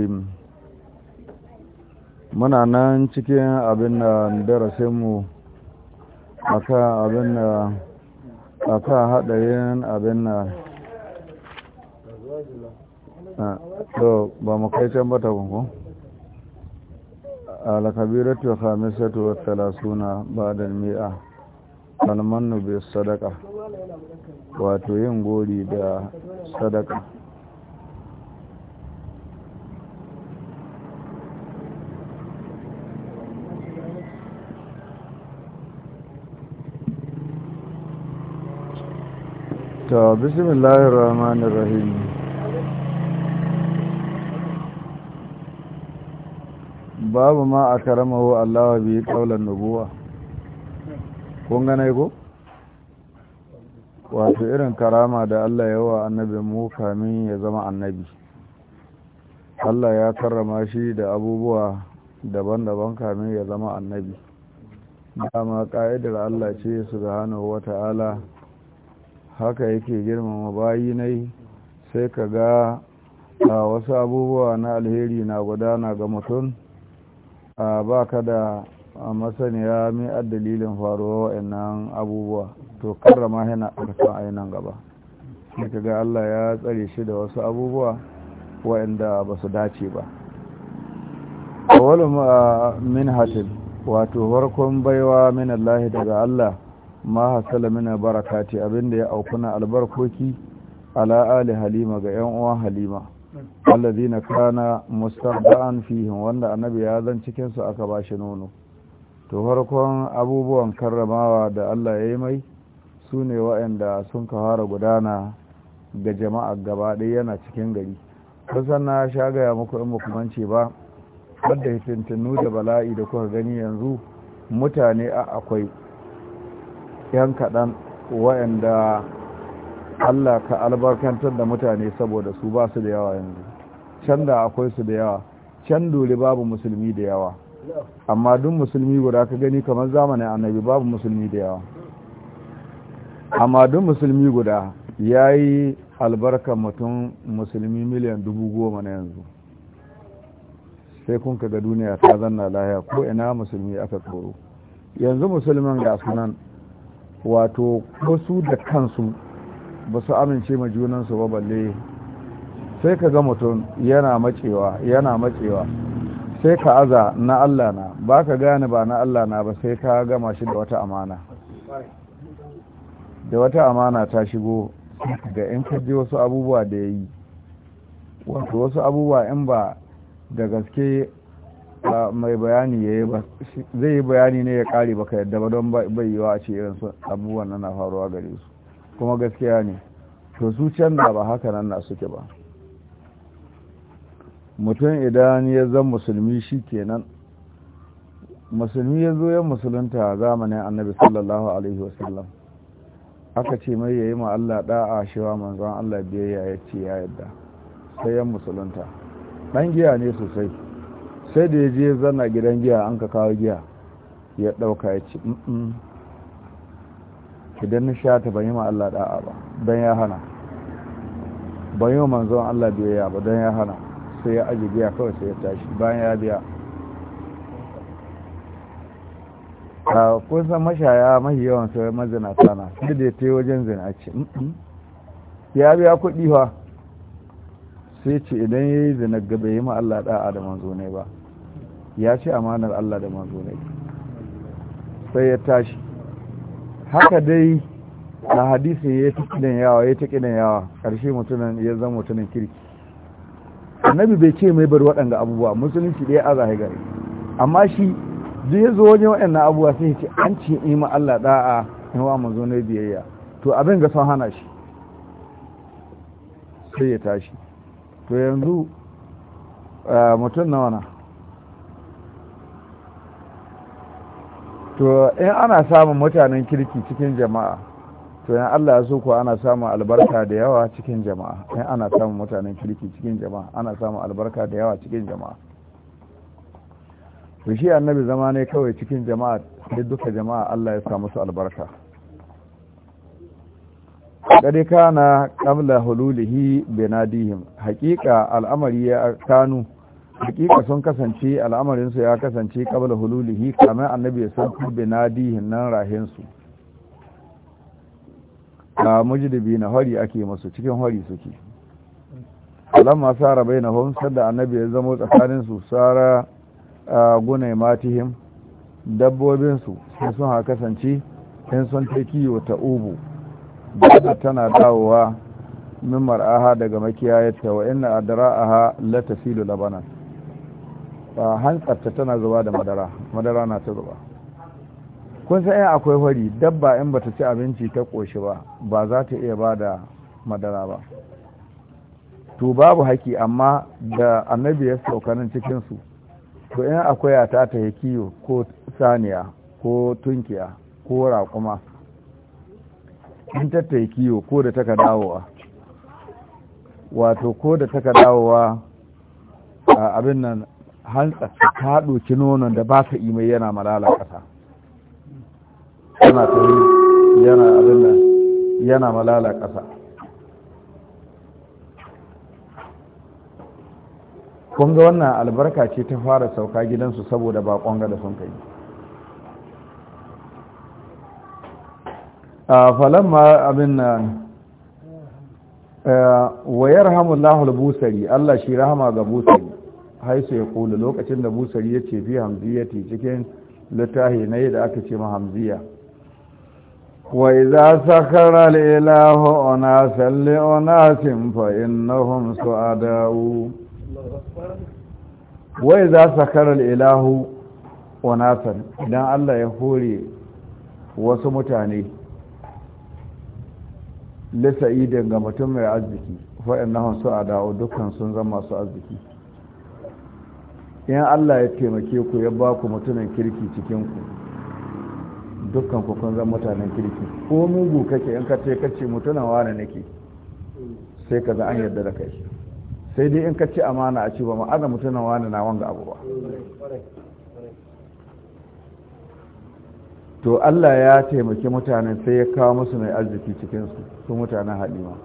rahim muna nan cikin abin da mu a kan abin da a kan haɗarin abin da to ba mu kai can bata kunku alkabiratu khamisatu wa talasuna ba'da mi'a kalmannu bai sadaka wato yin gori da sadaka ta bismillahir rahmanir rahim babu ma a karamahu allawa bi kaulan nubuwa kun gane ko wato irin karama da allah ya wa annabi mu kamin ya zama annabi allah ya karrama shi da abubuwa daban-daban kamin ya zama annabi dama ka'idar allah ce su gahana wata wata'ala haka yake girmama bayi nai sai ka ga a wasu abubuwa na alheri na gudana ga mutum a ba ka da masaniya mai dalilin faruwa wa'annan abubuwa to karrama yana ƙarfin ainihin gaba sai ka ga allah ya tsare shi da wasu abubuwa wa'anda ba su dace ba a wani min hatin wato farkon baiwa min Allah daga allah ma hasala mina abin da ya aukuna albarkoki ala ali halima ga yan uwan halima allazina kana mustarda'an fihim wanda annabi ya zan cikin su aka bashi nono to farkon abubuwan karramawa da Allah ya yi mai sune wa'anda sun ka fara gudana ga jama'a gaba ɗaya yana cikin gari kusan na shagaya gaya muku in mance ba wadda hitintinu da bala'i da kuka gani yanzu mutane a akwai yan kaɗan wa'anda allah ka albarkantar da mutane saboda su ba su da yawa yanzu can da akwai su da yawa can dole babu musulmi da yawa amma duk musulmi guda ka gani kamar zamanin annabi babu musulmi da yawa amma duk musulmi guda ya yi albarkar mutum musulmi miliyan dubu goma na yanzu sai kun ga duniya ta zanna lahiya ko ina musulmi aka tsoro yanzu musulmin ga sunan wato wasu da kansu ba su amince ma junansu ba balle sai ka ga mutum yana macewa yana macewa sai ka aza na Allah ba ka gane ba na Allah na ba sai ka gama shi da wata amana da wata amana ta shigo ga in kaji wasu abubuwa da ya yi wato wasu abubuwa in ba da gaske mai bayani ya yi ba zai yi bayani ne ya kare baka yadda ba don bai yiwa a ce irin abubuwan na faruwa gare su kuma gaskiya ne to su canza ba haka nan na suke ba mutum idan ya zan musulmi shi kenan musulmi ya zo ya musulunta zamanin annabi sallallahu alaihi wasallam aka ce mai ya yi ma Allah da'a shiwa manzon Allah biyayya ya ce ya yadda sai ya musulunta ɗan giya ne sosai sai da ya je zana gidan giya an ka kawo giya ya ɗauka ya ci idan na sha ta banyi ma Allah da'a ba don ya hana banyi ma manzon Allah biyayya ba don ya hana sai ya aji giya kawai sai ya tashi bayan ya biya a kusan mashaya mahi yawan sai mazina sana sai da ya ta wajen zina ce ya biya kuɗi fa sai ce idan ya yi zina gaba yi ma Allah da'a da manzo ne ba ya ce amanar Allah da mazo ne sai ya tashi haka dai na hadisi ya ta kidan yawa ya ta kidan yawa ƙarshe mutunan ya zama mutumin kirki annabi bai ce mai bar waɗanda abubuwa musulunci ɗaya a zahi gari amma shi zai ya zo wajen waɗannan abubuwa sai ce an ce ima ma Allah da'a in wa mazo ne biyayya to abin ga son hana shi sai ya tashi to yanzu mutum na wana to in ana samun mutanen kirki cikin jama'a to in Allah ya so ku ana samun albarka da yawa cikin jama'a in ana samun mutanen kirki cikin jama'a ana samun albarka da yawa cikin jama'a to shi annabi zama ne kawai cikin jama'a sai duka jama'a Allah ya samu su albarka kade kana qabla hululihi binadihim haqiqa al'amari ya kanu hakika sun kasance al'amarinsu ya kasance kabla hululihi kamar annabi ya san kubbe na dihin nan rahinsu ga mujidibi na hori ake masu cikin hori suke alam masu harabai na homsar da annabi ya zamo tsakanin sara gunai matihim dabbobinsu sai sun haka kasance in sun teki yi ta ubu da tana dawowa min mar'aha daga makiyayarta wa inna adra'aha la labanan hantsarta tana zuba da madara madara na ta zuba kun sai akwai hori dabba in bata ci abinci ta ƙoshi ba ba za ta iya ba da madara ba to babu haki amma da annabi ya saukanin cikinsu to in akwai a ta ta kiyo ko saniya ko tunkiya ko raƙuma in ta ta kiyo ko da taka dawowa wato ko da taka dawowa abin nan hantsa ta ɗoki nonon da ba ta imai yana malala ƙasa yana tare yana abin da yana malala ƙasa ƙunga wannan albarka ce ta fara sauka gidansu saboda ba ƙunga da sun kai a falon ma abin na eh, wayar hamun lahul busari Allah shi rahama ga busari haisu ya kula lokacin da busari ya ce fi hamziyati cikin littahi na yi da aka ce ma hamziya wa iza sakara al-ilahu salli ona unasin fa innahum su'ada'u wa iza sakara al-ilahu unasan idan Allah ya hore wasu mutane lisa'idin ga mutum mai arziki fa innahum su'ada'u dukkan sun zama su arziki in Allah ya taimake ku ya ba ku mutumin kirki cikin ku dukkan ku kun zama mutanen kirki ko mugu kake in ka ce kace mutunan wane nake sai ka za an yarda da kai sai dai in ka ci amana a ci ba ma'ana mutunan wane na wanga abu ba to Allah ya taimaki mutanen sai ya kawo musu mai arziki cikin su mutanen halima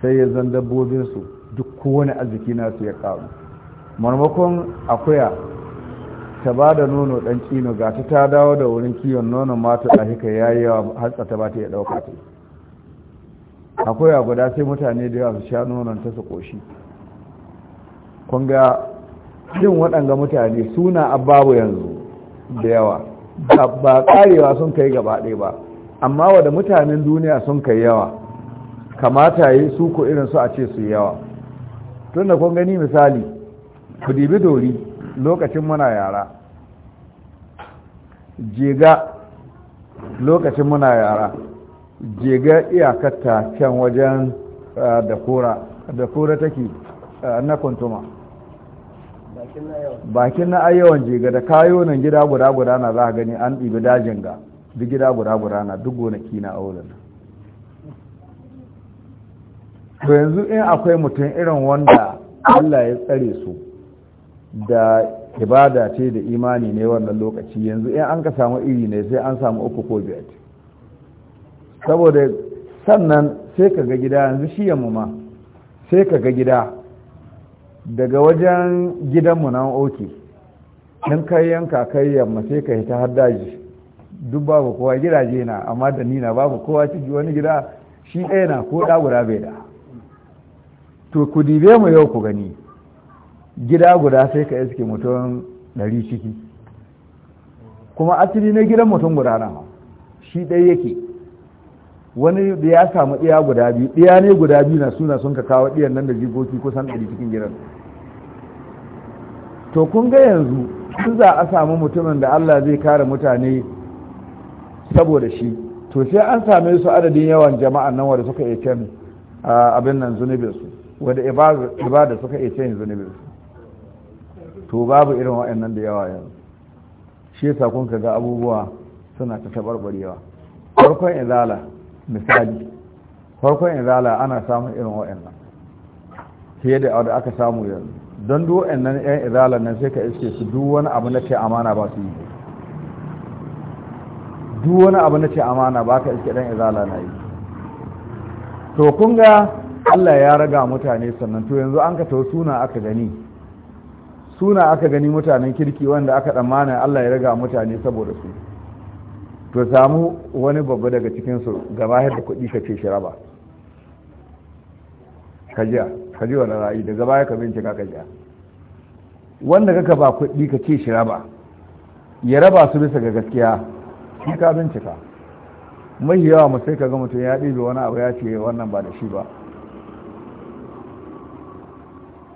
sai ya zan dabbobinsu duk kowane arziki nasu ya kawo marmakon akuya ta ba da nono ɗan kino ga ta ta dawo da wurin kiwon nonon mata da hika ya yi yawa hatsa ta ba ta iya ɗauka ta akuya guda sai mutane da yawa su sha nonon ta su ƙoshi kun ga jin waɗanga mutane suna ababu yanzu da yawa ba ƙarewa sun kai gaba ɗaya ba amma wada mutanen duniya sun kai yawa kamata yi su ko irin su a ce su yawa tun da kun gani misali ku dibi dori lokacin muna yara jega lokacin muna yara jega iyakatta can wajen da kura da take na kuntuma bakin na ayyawan jega da kayo nan gida guda guda na za a gani an ɗibi dajin ga duk gida guda guda na duk gonaki na auren to yanzu in akwai mutum irin wanda Allah ya tsare su da ibada ce da imani ne wannan lokaci yanzu in an ka samu iri ne sai an samu uku ko biyar saboda sannan sai ka ga gida yanzu shi yamma ma sai ka ga gida daga wajen gidanmu na oke in kai yanka kai yamma sai ka hita har daji duk babu kowa gidaje na amma da nina babu kowa ciki wani gida shi ɗaya na ko ɗa guda bai da to ku dibe mu yau ku gani gida guda sai ka iske mutum ɗari ciki kuma asiri na gidan mutum guda na shi ɗaya yake wani da ya samu ɗiya guda biyu ɗiya ne guda biyu na suna sun ka kawo ɗiyan nan da jigoki kusan ɗari cikin gidan to kun ga yanzu su za a samu mutumin da Allah zai kare mutane saboda shi to sai an same su adadin yawan jama'an nan wanda suka iya can ah, abin nan zunubinsu wanda ibada suka iya can zunubinsu to babu irin nan da yawa yanzu shi yasa kun ga abubuwa suna ta tabarbarewa farkon izala misali farkon izala ana samun irin nan fiye da da aka samu yanzu don duk nan, 'yan Izala nan sai ka iske su duk wani abu na ce amana ba su yi duk wani abu na ce amana ba ka iske ɗan izala na yi to kun ga Allah ya raga mutane sannan to yanzu an ka to suna aka gani suna aka gani mutanen kirki wanda aka tsammana Allah ya raga mutane saboda su to samu wani babba daga cikinsu gaba da kuɗi ka ce shi raba kajiya kajiya wani ra'ayi daga baya ka bincika kajiya wanda kaka ba kuɗi ka ce shi raba ya raba su bisa ga gaskiya shi ka bincika mai yawa mu sai ka ga mutum ya ɗibe wani abu ya ce wannan ba da shi ba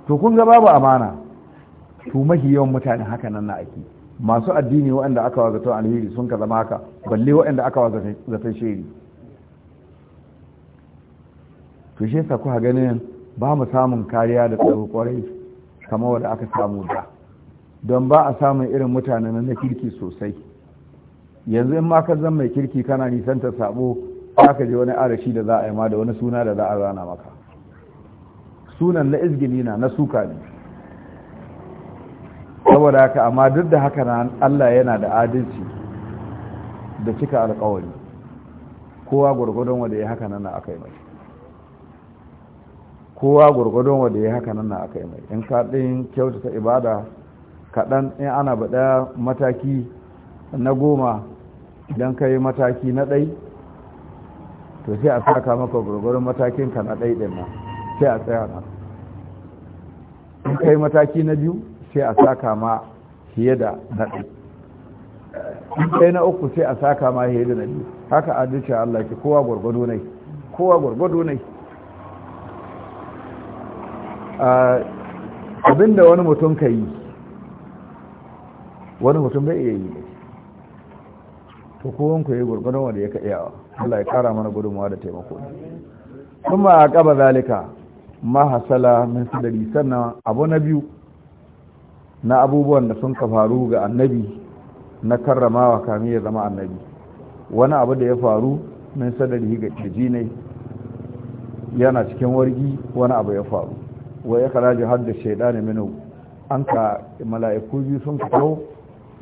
to kun ga babu amana to mahi yawan mutane haka nan na ake masu addini waɗanda aka wazaton alheri sun ka zama haka balle waɗanda aka wazaton shiri to shi sa kuka ganin ba mu samun kariya da tsaro kwarai kamar wanda aka samu da don ba a samun irin mutanen na kirki sosai yanzu in ma ka zan mai kirki kana nisanta sabo aka je wani arashi da za a yi ma da wani suna da za a rana maka sunan na izgili na na suka ne saboda haka amma duk da haka na Allah yana da adalci da cika alkawari kowa gurgudun wanda ya haka nan aka yi mai kowa gurgudun wanda ya haka nan aka yi mai in ka ɗin kyautata ibada kaɗan in ana baɗa mataki na goma idan ka yi mataki na ɗai to sai a saka maka matakin matakinka na ɗai ɗin nan sai a tsaya nan in ka yi mataki na biyu sai a saka ma fiye da naɗi ɗaya na uku sai a saka ma fiye da naɗi haka a duka Allah ke kowa gwargwado ne kowa gwargwado ne abinda wani mutum ka yi wani mutum bai iya yi ne to kowon ku yi gwargwadon wanda ya ka iyawa Allah ya kara mana gudunmawa da taimako kuma a ƙaba zalika mahasala min sadari sannan abu na biyu na abubuwan da sun faru ga annabi na karramawa kami ya zama annabi wani abu da ya faru min sadari ga kirji ne yana cikin wargi wani abu ya faru wa ya karaji har da ne minu an ka mala'iku biyu sun fito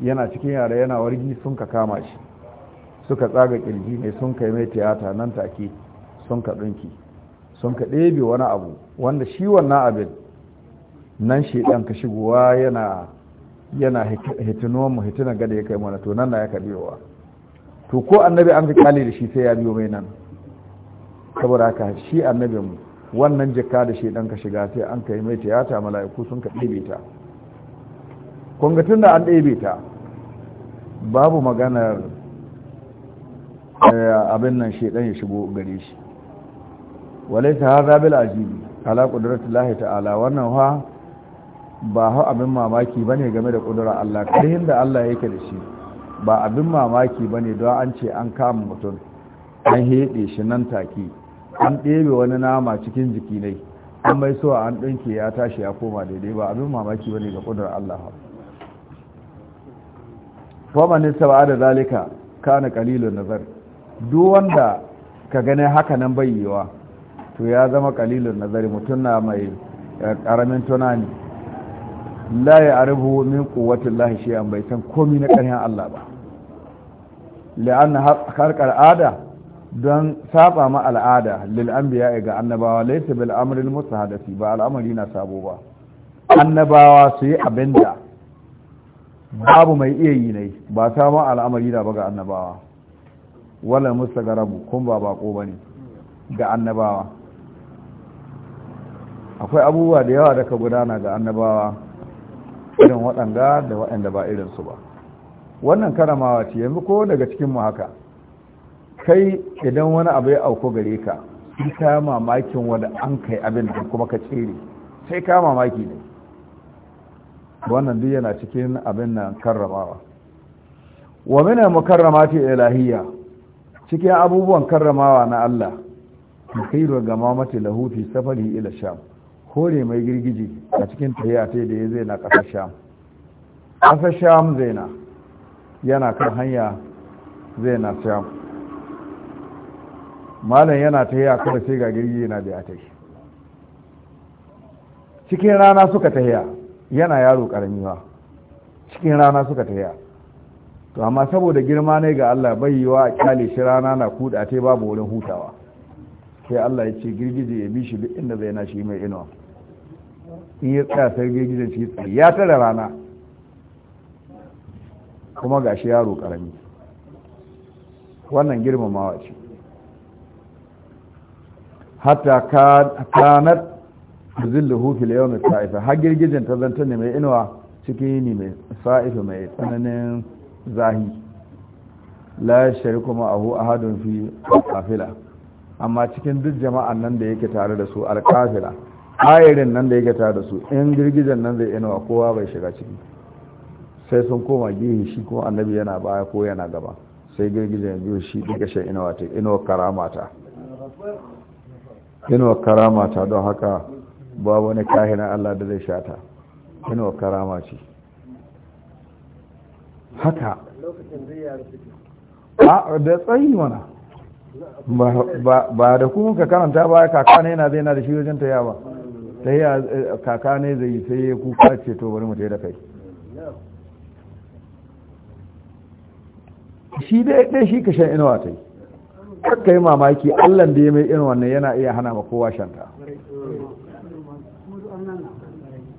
yana cikin yare yana wargi sun ka kama shi suka tsaga kirji ne sun kai mai tiyata nan take sun ka ɗinki sun ka ɗebe wani abu wanda shi wannan abin nan shi ɗan ka shigowa yana yana mu hitinan gada ya kai mana to nan na ya ka biyowa to ko annabi an fi kali da shi sai ya biyo mai nan saboda haka shi mu wannan jikka da shi ɗan ka shiga sai an kai mai tiyata mala'iku sun ka ɗebe ta kun tun da an ɗebe ta babu maganar eh, abin nan shaidan ya shigo gare shi walaisa haza bil ajibi ala qudratillahi ta'ala wannan ha ba hau abin mamaki ba ne game da ƙudurar Allah ƙarhin da Allah yake da shi ba abin mamaki ba ne don an ce an kama mutum an heɗe shi nan take an ɗebe wani nama cikin jiki ne an mai so an ɗinke ya tashi ya koma daidai ba abin mamaki ba ne ga ƙudurar Allah famanin saba'a da zalika kana kalilun nazar duk wanda ka gane haka nan bayyewa to ya zama kalilun nazari mutum na mai ƙaramin tunani la ya arabu min quwwatin lahi shay'an bai san komi na ƙarfin Allah ba la'an harkar ada don saba ma al'ada lil anbiya ga annabawa laysa bil amri al mutahaddathi ba al'amari na sabo ba annabawa su yi abinda babu mai iya yi ne ba samun al'amari da ba ga annabawa wala mustagarabu kun ba bako bane ga annabawa akwai abubuwa da yawa da ka gudana ga annabawa irin waɗanda da waɗanda ba irinsu ba wannan karamawa ce yanzu ko daga cikinmu haka kai idan wani abu ya auko gare ka sai ka mamakin wanda an kai abin da kuma ka tsere sai ka mamaki ne wannan duk yana cikin abin nan karramawa wa mina mukarramati ilahiyya cikin abubuwan karramawa na Allah khairu ga mamati lahu fi safari ila sham kore mai girgije a cikin tahiya da ya zai na ƙasar sham ƙasar sham zai na yana kan hanya zai na sham malam yana tahiya kada sai ga girgiji na da ta shi cikin rana suka tahiya yana yaro ƙarami ba cikin rana suka tahiya to amma saboda girma ne ga Allah bai yi wa kyale shi rana na kuɗa ta babu wurin hutawa sai Allah ya ce girgije ya bi shi duk inda zai na shi mai inuwa in ya tsaya sai gidan shi tsaye ya tara rana kuma ga shi yaro karami wannan girmamawa ce hatta kanat zilluhu fil yawm sa'ifa har girgijin ta zanta ne mai inuwa cikin yini mai sa'ifa mai tsananin zahi la shariku Ahu, ahadun fi kafila amma cikin duk jama'an nan da yake tare da su alkafila ayarin nan da ya gata da su in girgizan nan zai inuwa kowa bai shiga ciki sai sun koma gihi shi kuma annabi yana baya ko yana gaba sai girgizan yanzu shi duka shi inuwa ta inuwa karamata inuwa karamata don haka babu wani kahina Allah da zai shata inuwa karama ce haka a da tsayi mana ba da kuma ka karanta ba kaka yana zai na da shi wajen ta yawa ta yi kaka ne zai yi sai ya kuka ce to bari mu ta da kai shi dai ɗai shi ka shan inuwa ta yi kakka yi mamaki allan da ya mai inuwa ne yana iya hana ma kowa shanta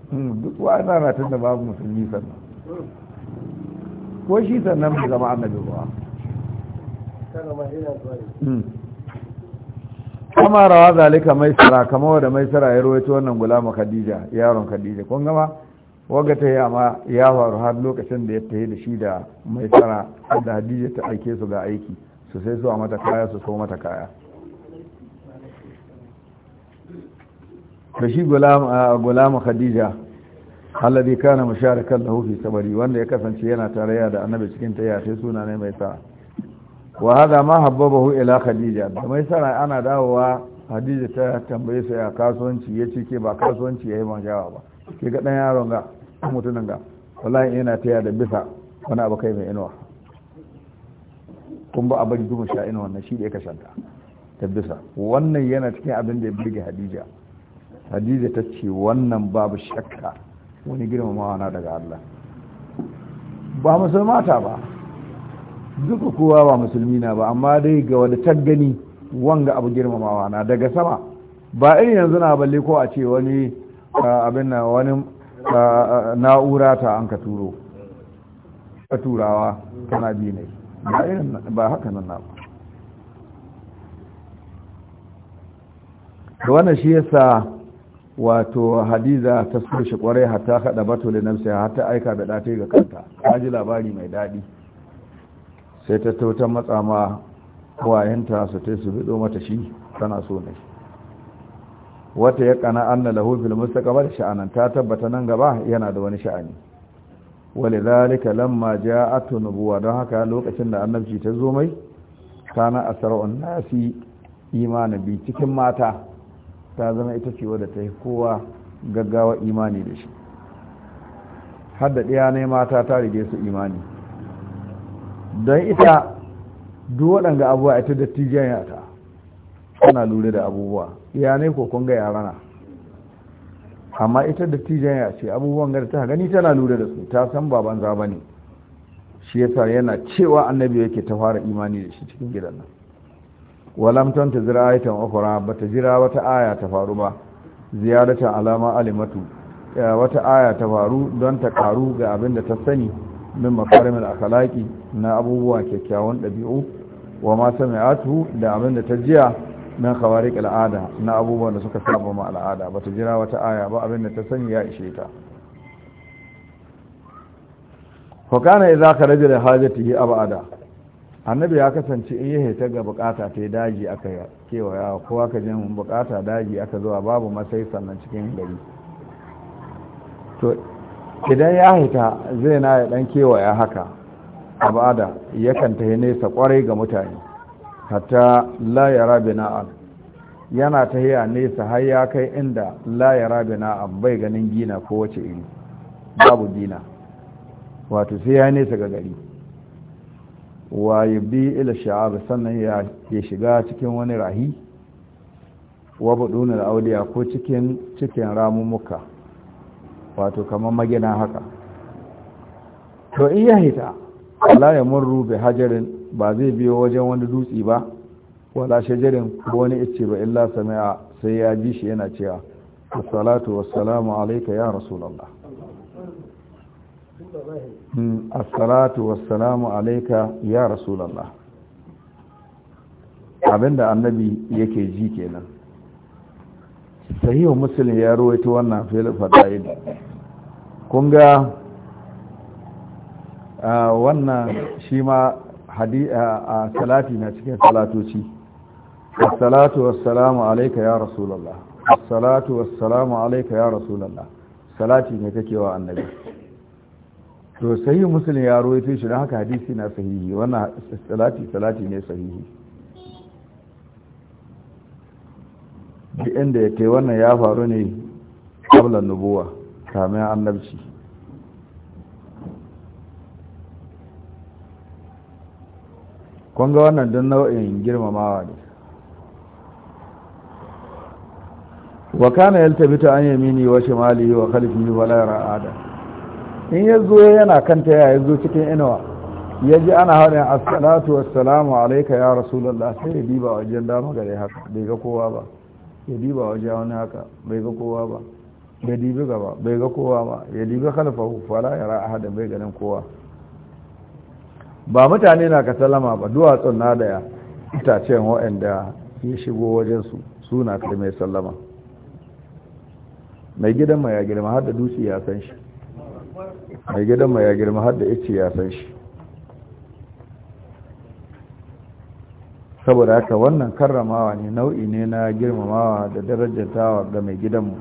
hmm, duk wa ana tun da babu musulmi sannan ko shi sannan mu zama annabi ba hmm. kama rawa zalika mai sara kama wadda mai sara ya rawaito wannan gulama khadija yaron khadija kun gama waga ta yi amma ya faru har lokacin da ya tafi da shi da mai sara da khadija ta aike su ga aiki su sai su a mata kaya su so mata kaya da shi gulama khadija alladhi kana musharakan lahu fi sabari wanda ya kasance yana tarayya da annabi cikin tayya sai suna ne mai tsara. wa hada ma habbabahu ila khadija da mai sana ana dawowa Hadiza ta tambaye su ya kasuwanci ya ce ke ba kasuwanci ya yi manjawa ba ke ga ɗan yaron ga mutunan ga wallahi yana taya da bisa wani abu kai mai inuwa kun ba a bari dubu sha inuwa na shi da ya kashanta ta bisa wannan yana cikin abin da ya birge hadija Hadiza ta ce wannan babu shakka wani girmamawa na daga allah ba musulmata ba duka kowa ba musulmi na ba amma dai ga wani taggani gani wanga abu girmamawa na daga sama ba irin yanzu na balle ko a ce wani abin na wani na'ura ta an ka turo ka turawa kana bi ne ba haka nan na ba da wannan shi yasa wato hadiza ta so shi kwarai hatta kada bato da namsa hatta aika da datai ga kanta ta ji labari mai daɗi sai ta tauta matsa ma wayanta su ta su bido mata shi tana so ne wata ya kana anna lahu fil mustaqbal sha'anan ta tabbata nan gaba yana da wani sha'ani walidhalika lamma ja'at nubuwa don haka lokacin da annabci ta zo mai kana asra'un nasi imani bi cikin mata ta zama ita ce wadda ta yi kowa gaggawa imani da shi har da ɗaya ne mata ta rige su imani don ita duk waɗanda abuwa ita da tijiyan yata tana lura da abubuwa Ya ne ko kun ga yarana amma ita da tijiyar ya ce abubuwan gada ta gani tana lura da su ta san baban za ba ne shi yasa yana cewa annabi yake ta fara imani da shi cikin gidan nan walamtan ta zira ba ta jira wata aya ta faru ba ziyarata alama alimatu wata aya ta faru don ta karu ga abin da ta sani min makarimin akalaki na abubuwa kyakkyawan ɗabi'u wa ma sami atu da abin da ta jiya min kawarik al'ada na abubuwan da suka saba ma al'ada ba ta jira wata aya ba abin da ta sani ya ishe ta fa kana idza kharaja li hajatihi abada annabi ya kasance in yahe ta ga bukata ta daji aka ya kowa ka je mun bukata daji aka zuwa babu masai sannan cikin gari to idan ya haita zai na ya dan kewaya haka abada yakan tahi nesa kwarai ga mutane hatta la yara bina'an yana a nesa har ya kai inda la yara bina'an bai ganin gina ko wace iri babu gina wato sai ya nesa ga gari wa bi ila sha'abu sannan ya shiga cikin wani rahi wa budunar auliya ko cikin cikin ramumuka wato kamar magina haka to iya hita wala ya murru bi hajarin ba zai biyo wajen wani dutse ba wala shajarin ko wani icce ba illa sami'a sai ya ji shi yana cewa assalatu wassalamu alayka ya rasulullah hmm, assalatu wassalamu alayka ya rasulullah abinda annabi yake ji kenan sahihu muslim ya rawaito wannan fil kun ga Ah, wannan shi ma ah, ah, salati na cikin salatoci wasu wassalamu alaika ya rasulallah wasu wassalamu alaika ya rasulallah salati ne take wa annabi to sai muslim ya rawaito shi don haka hadisi na sahihi wannan salati salati ne sahihi duk inda ya kai wannan ya faru ne kablan nubuwa kamin annabci kun ga wannan don nau'in girmamawa ne wa kana yaltabita an yamini wa shimali wa khalfihi wa la ra'ada in yazo yana kanta ya yazo cikin inuwa yaji ana haɗin assalatu wassalamu alayka ya rasulullah sai ya diba wajen dama gare haka bai ga kowa ba ya diba wajen wani haka bai ga kowa ba bai dibi gaba bai ga kowa ba ya dibi khalfahu fala yara ahadan bai ganin kowa ba mutane na ka salama ba duwatsun na daya itacen wa'anda ya shigo wajensu suna kai mai sallama mai gidan mai ya girma har da dutse ya san shi mai gidan mai ya girma har da ice ya san shi saboda haka wannan karramawa ne nau'i ne na girmamawa da darajatawa ga mai gidanmu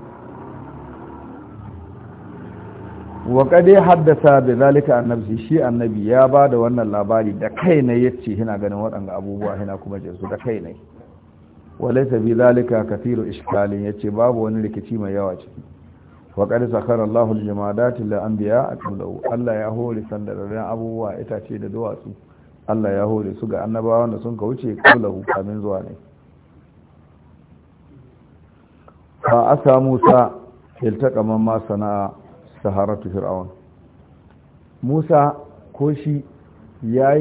wa kade haddasa da zalika annabi shi annabi ya ba da wannan labari da kai ne yace hina ganin waɗanda abubuwa hina kuma jinsu da kai ne walaita bi zalika kathiru ishkalin yace babu wani rikici mai yawa ciki wa qad sakhara Allahu al-jamadati lil anbiya kullu Allah ya hore sandararren abubuwa itace da duwatsu Allah ya hore su ga annabawa da sun ka wuce kullu kamin zuwa ne fa asa Musa iltaqama ma sana'a saharatu fir'aun musa ko shi ya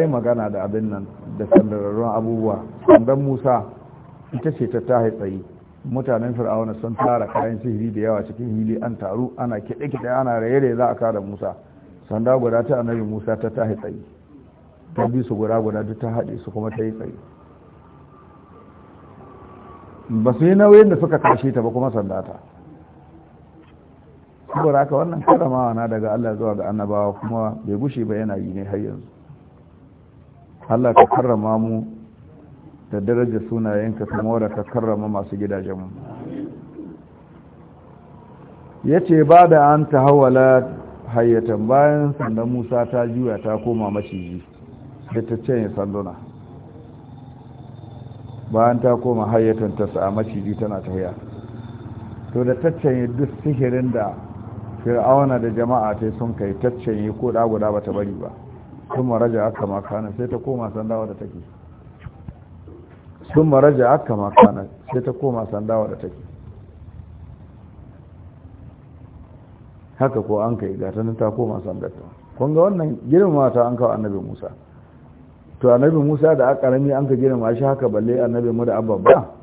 yi magana da abin nan da sandararrun abubuwa sandan musa ita ce ta ta tsaye mutanen fir'auna sun tara kayan sihiri da yawa cikin hili an taru ana kiɗe-kiɗe ana raye za a kada musa sanda guda ta annabi musa ta ta haitsayi ta bi su guda guda duk ta haɗe su kuma ta yi tsayi ba su yi nauyin da suka kashe ta ba kuma sanda ta saboda haka wannan karamawa na daga Allah zuwa ga annabawa kuma bai gushe ba yana yi ne har yanzu Allah ka karrama mu da daraja sunayenka kuma da ka karrama masu gidajenmu ya ce ba da an ta hawala hayyatan bayan sandan musa ta juya ta koma maciji da ta canye sanduna bayan ta koma hayyatan ta sa maciji tana ta to da ta canye duk sihirin da fir'auna da jama'a ta sun kai taccen yi ko da guda bata bari ba sun maraja aka makana sai ta koma sandawa da take sun maraja aka makana sai ta koma sandawa da take haka ko an kai gatanin ta koma sandarta kun ga wannan girma ta an kawo annabi musa to annabi musa da aka rami an ka girma shi haka balle annabi mu da abba ba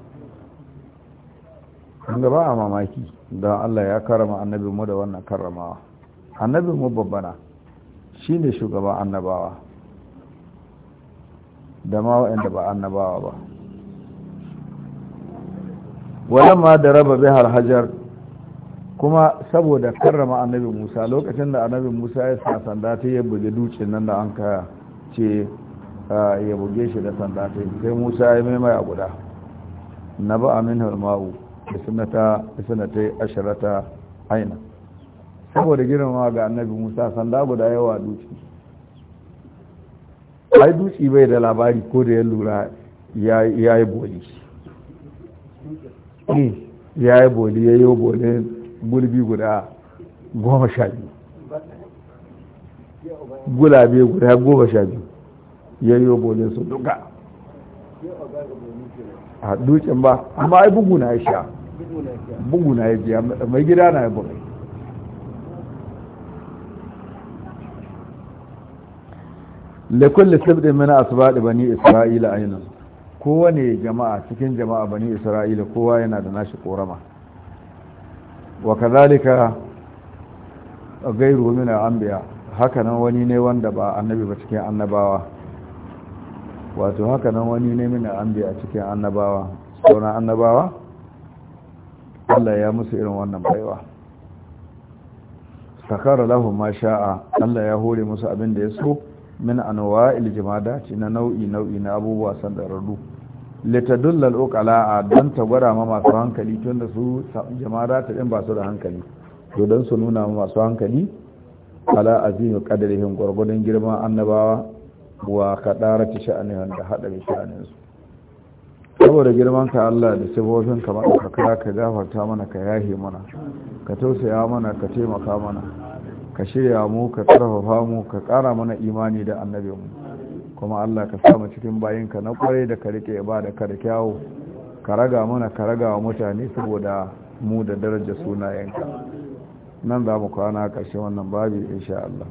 ga ba a mamaki don Allah ya karama annabinmu da wannan karramawa annabinmu babbana shi ne shugaban annabawa da ma waɗanda ba annabawa ba walamma da raba bihar hajar kuma saboda karrama annabi musa lokacin da annabi musa ya sa sanda ta ya buge duce nan da an kaya ce ya buge shi da sanda ta sai musa ya mai mai a guda na ba amin halmawu. isnatai asharata aina saboda girma ga annabi musa sanda guda yawa duci ai duci bai da labari ko da ya lura ya yi boli eh, ya yi boli ya yi boli gulbi guda goma sha biyu gulabe guda goma sha biyu ya yi boli su duka a dukin ba amma ai bugu na sha bugu na ya biya mai gida na ya bugai kulle sabbin mana asbaɗi bani isra'ila ainihin kowane jama'a cikin jama'a bani isra'ila kowa yana da nashi korama wa kazalika gairu min al-anbiya hakanan wani ne wanda ba annabi ba cikin annabawa wato hakanan wani ne min ambiya anbiya cikin annabawa sauran annabawa Allah ya musu irin wannan baiwa sakara lahu ma sha'a Allah ya hore musu abin da ya so min iljimada ci na nau'i nau'i na abubuwa sandararru litadulla al-uqala'a don ta gwada ma masu hankali tunda su ta din ba su da hankali to don su nuna ma masu hankali ala azimi qadarihim gurgudun girman annabawa wa kadarati sha'anihim da hadarin sha'aninsu saboda girman ka Allah da sifofin ka maɗaukaka ka gafarta mana ka yahi mana ka tausaya mana ka taimaka mana ka shirya mu ka karfafa mu ka kara mana imani da mu, kuma Allah ka samu cikin cikin ka na kware da ka riƙe ba ka da kyawu ka raga mana ka raga wa mutane saboda mu da daraja sunayenka nan za mu kwana ƙarshen wannan babi insha Allah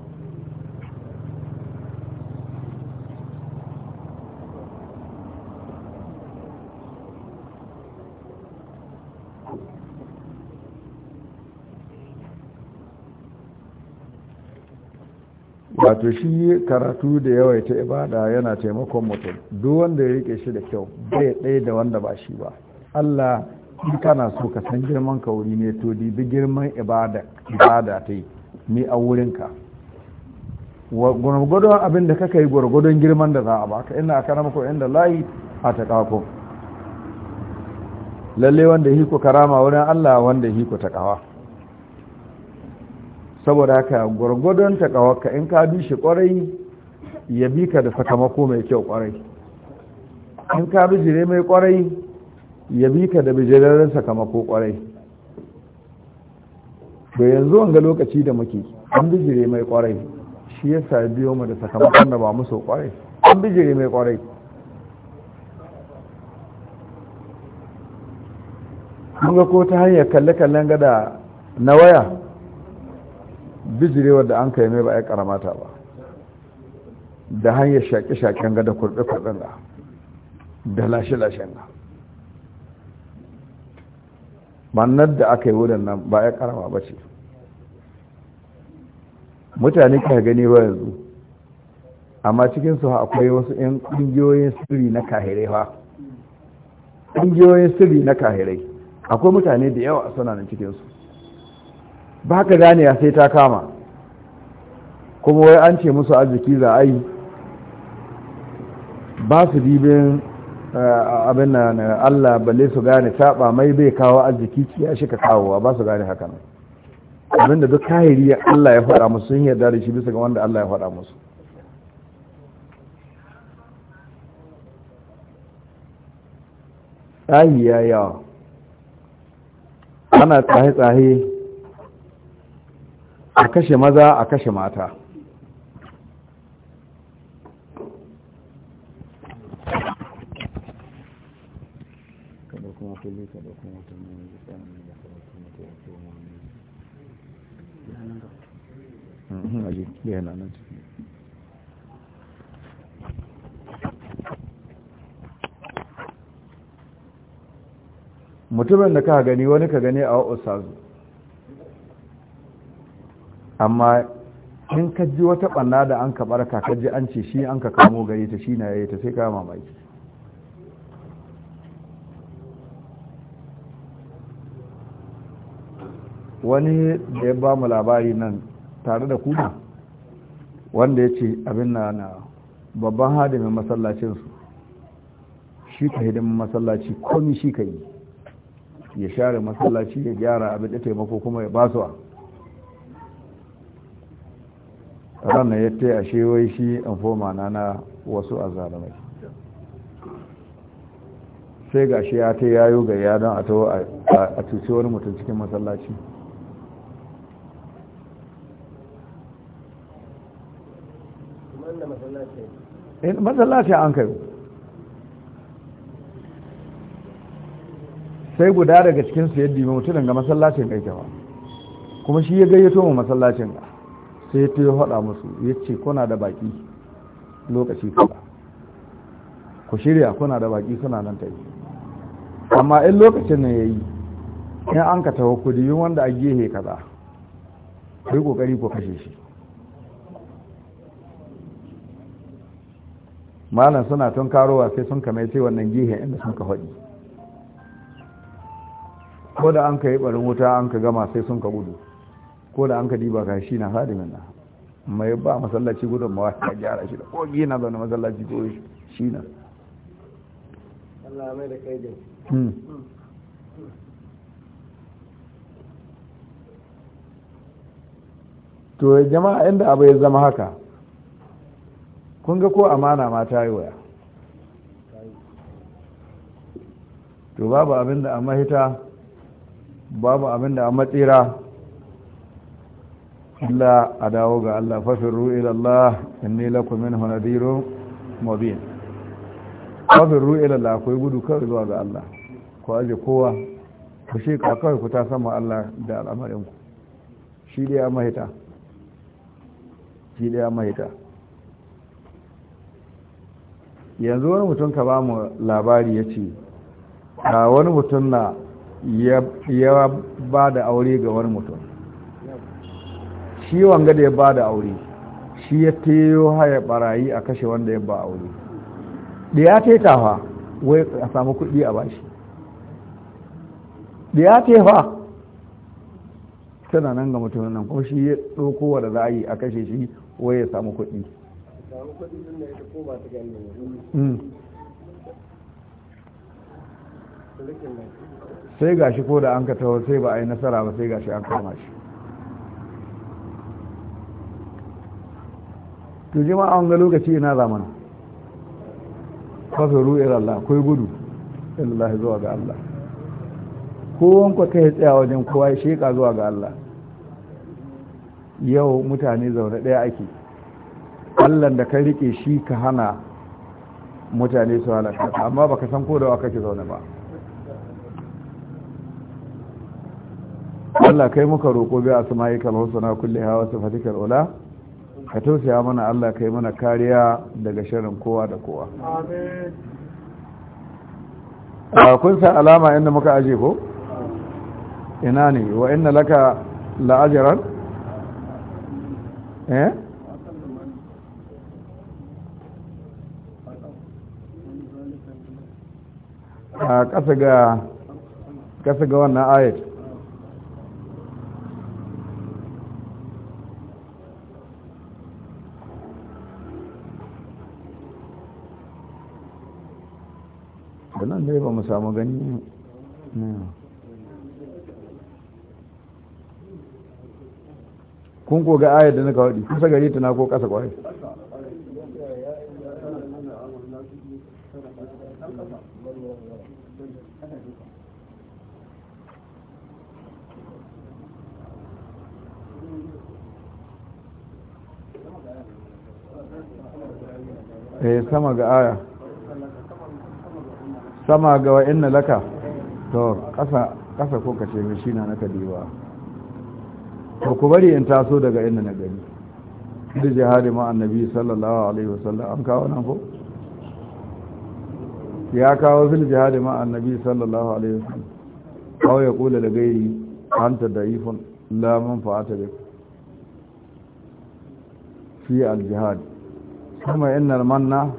wato shi karatu da yawaita ibada yana taimakon mutum duk wanda ya rike shi da kyau bai ɗaya da wanda ba shi ba Allah in kana so ka san girman ka wuri ne to dibi girman ibada ta yi ni a wurinka gwargwadon abin da kaka yi gwargwadon girman da za a baka ina a na mako inda layi a ta kako lalle wanda hiko karama wurin Allah wanda hiko ta kawa saboda haka gwargwadon ta takawarka in ka bi shi kwarai ya bi ka da sakamako mai kyau kwarai in ka bijire mai kwarai ya bi ka da bijirarren sakamako kwarai to yanzu wanga lokaci da muke an bijire mai kwarai shi ya sa biyo mu da sakamakon da ba musu kwarai an bijire mai kwarai kun ga ko ta hanyar kalle-kallen gada na waya bijirewar da an kai mai ba ya karamata ba da hanyar shaƙe-shaƙen ga da kurɗe-kurɗen ga da lashe-lashen ga mannar da aka yi wurin nan ba ya karama ba ce mutane ka gani ba yanzu amma cikinsu akwai wasu 'yan ƙungiyoyin sirri na kahirai ba ƙungiyoyin sirri na kahirai akwai mutane da yawa a nan cikinsu ba ka gane ya sai ta kama kuma wai an ce musu arziki za a yi ba su dibin eh, abin na Allah balle su gane saba mai bai kawo arziki ya shi ka kawo ba su gane haka abinda duk kahiri Allah ya faɗa musu sun yarda da shi bisa ga wanda Allah ya faɗa musu tsahi ya yawa ana tsaye-tsaye a kashe maza a kashe mata mhm, mutumin da ka gani wani ka gani a wa'usazu amma in ka ji wata banna da an ka barka ka ji an ce shi an ka kamo gare ta shi na yayi ta sai ka mamaki wani da ya ba mu labari nan tare da kuma wanda ya ce abin na na babban hadimin masallacinsu shi ka hidimin masallaci komi shi ka yi ya share masallaci ya gyara abin da taimako kuma ya basuwa ranar ya ta ashe wai shi an foma na na wasu azalamai sai ga shi ya ta yayo ga yadon a tawo a cuci wani mutum cikin masallaci eh, masallaci an kai sai guda daga cikinsu yadda yi mutum ga masallacin aikawa kuma shi ya gayyato mu masallacin ga sai ya tuyo haɗa musu ya ce kuna da baƙi lokaci kaza ku shirya kuna da baƙi suna nan ta yi amma in lokacin na ya yi in an ka taho kudi yi wanda a gehe za ku yi ƙoƙari ku kashe shi malam suna tun karowa sai sun kamai sai wannan gehe inda sun ka haɗi ko da an ka yi ɓarin wuta an ka gama sai sun ka gudu ko da an ka diba ka shi na hadimin na mai ba masallaci gudun mawa ta gyara shi da kogi na zaune masallaci ko shi na Allah mai hmm. to jama'a inda abu ya zama haka kun ga ko amana ma ta yi waya to babu abinda a mahita babu abinda a matsira illa a dawo ga Allah fafin fafirru ilallah inni lakumin hanadiru mobin fafin fafirru ilallah ku gudu kawai zuwa ga Allah ku aje kowa ku shi kawai ku ta sama Allah da al'amarinku shi dai ya mahita shi dai ya mahita yanzu wani mutum ka ba mu labari ya ce wani mutum na ya ba da aure ga wani mutum shi wanga da ya ba da aure shi ya teyo haya barayi a kashe wanda ya ba aure da ya taitafa wai a samu kuɗi a bashi da ya tefa tana nan ga mutumin nan kuma shi ya ɗauko wanda za a yi a kashe shi wai ya samu kuɗi hmm. sai ga shi ko da an ka sai ba a yi nasara ba sai ga shi an kama shi to jama'a wanga lokaci ina zamana fasaru ila Allah kai gudu illallah zuwa ga Allah kowan ku kai tsaya wajen kowa ya sheka zuwa ga Allah yau mutane zaune daya ake Allah da ka rike shi ka hana mutane su halaka amma baka san ko da wa kake zaune ba Allah kai muka roƙo bi asma'ikal husna kulliha wa sifatikal ula ka tausaya mana Allah ka kai mana kariya daga shirin kowa da kowa a ah, kun sa alama inda muka aje ko ina ne wa inda laka la'ajiran eh ah, kasa ga wannan ayat samu gani kun ko ga ayar da na kawai kusa gari ta na ko kasa kwaye eh, sama ga aya sama ga wa'in na laka to ƙasa ko kace mai shi na na diwa to ku bari in taso daga inda na gani da jihadi ma annabi sallallahu alaihi wasallam an kawo nan ko ya kawo fil jihadi ma annabi sallallahu alaihi wasallam aw ya kula da gairi anta da'ifun la manfa'ata bik fi al jihad kuma innal manna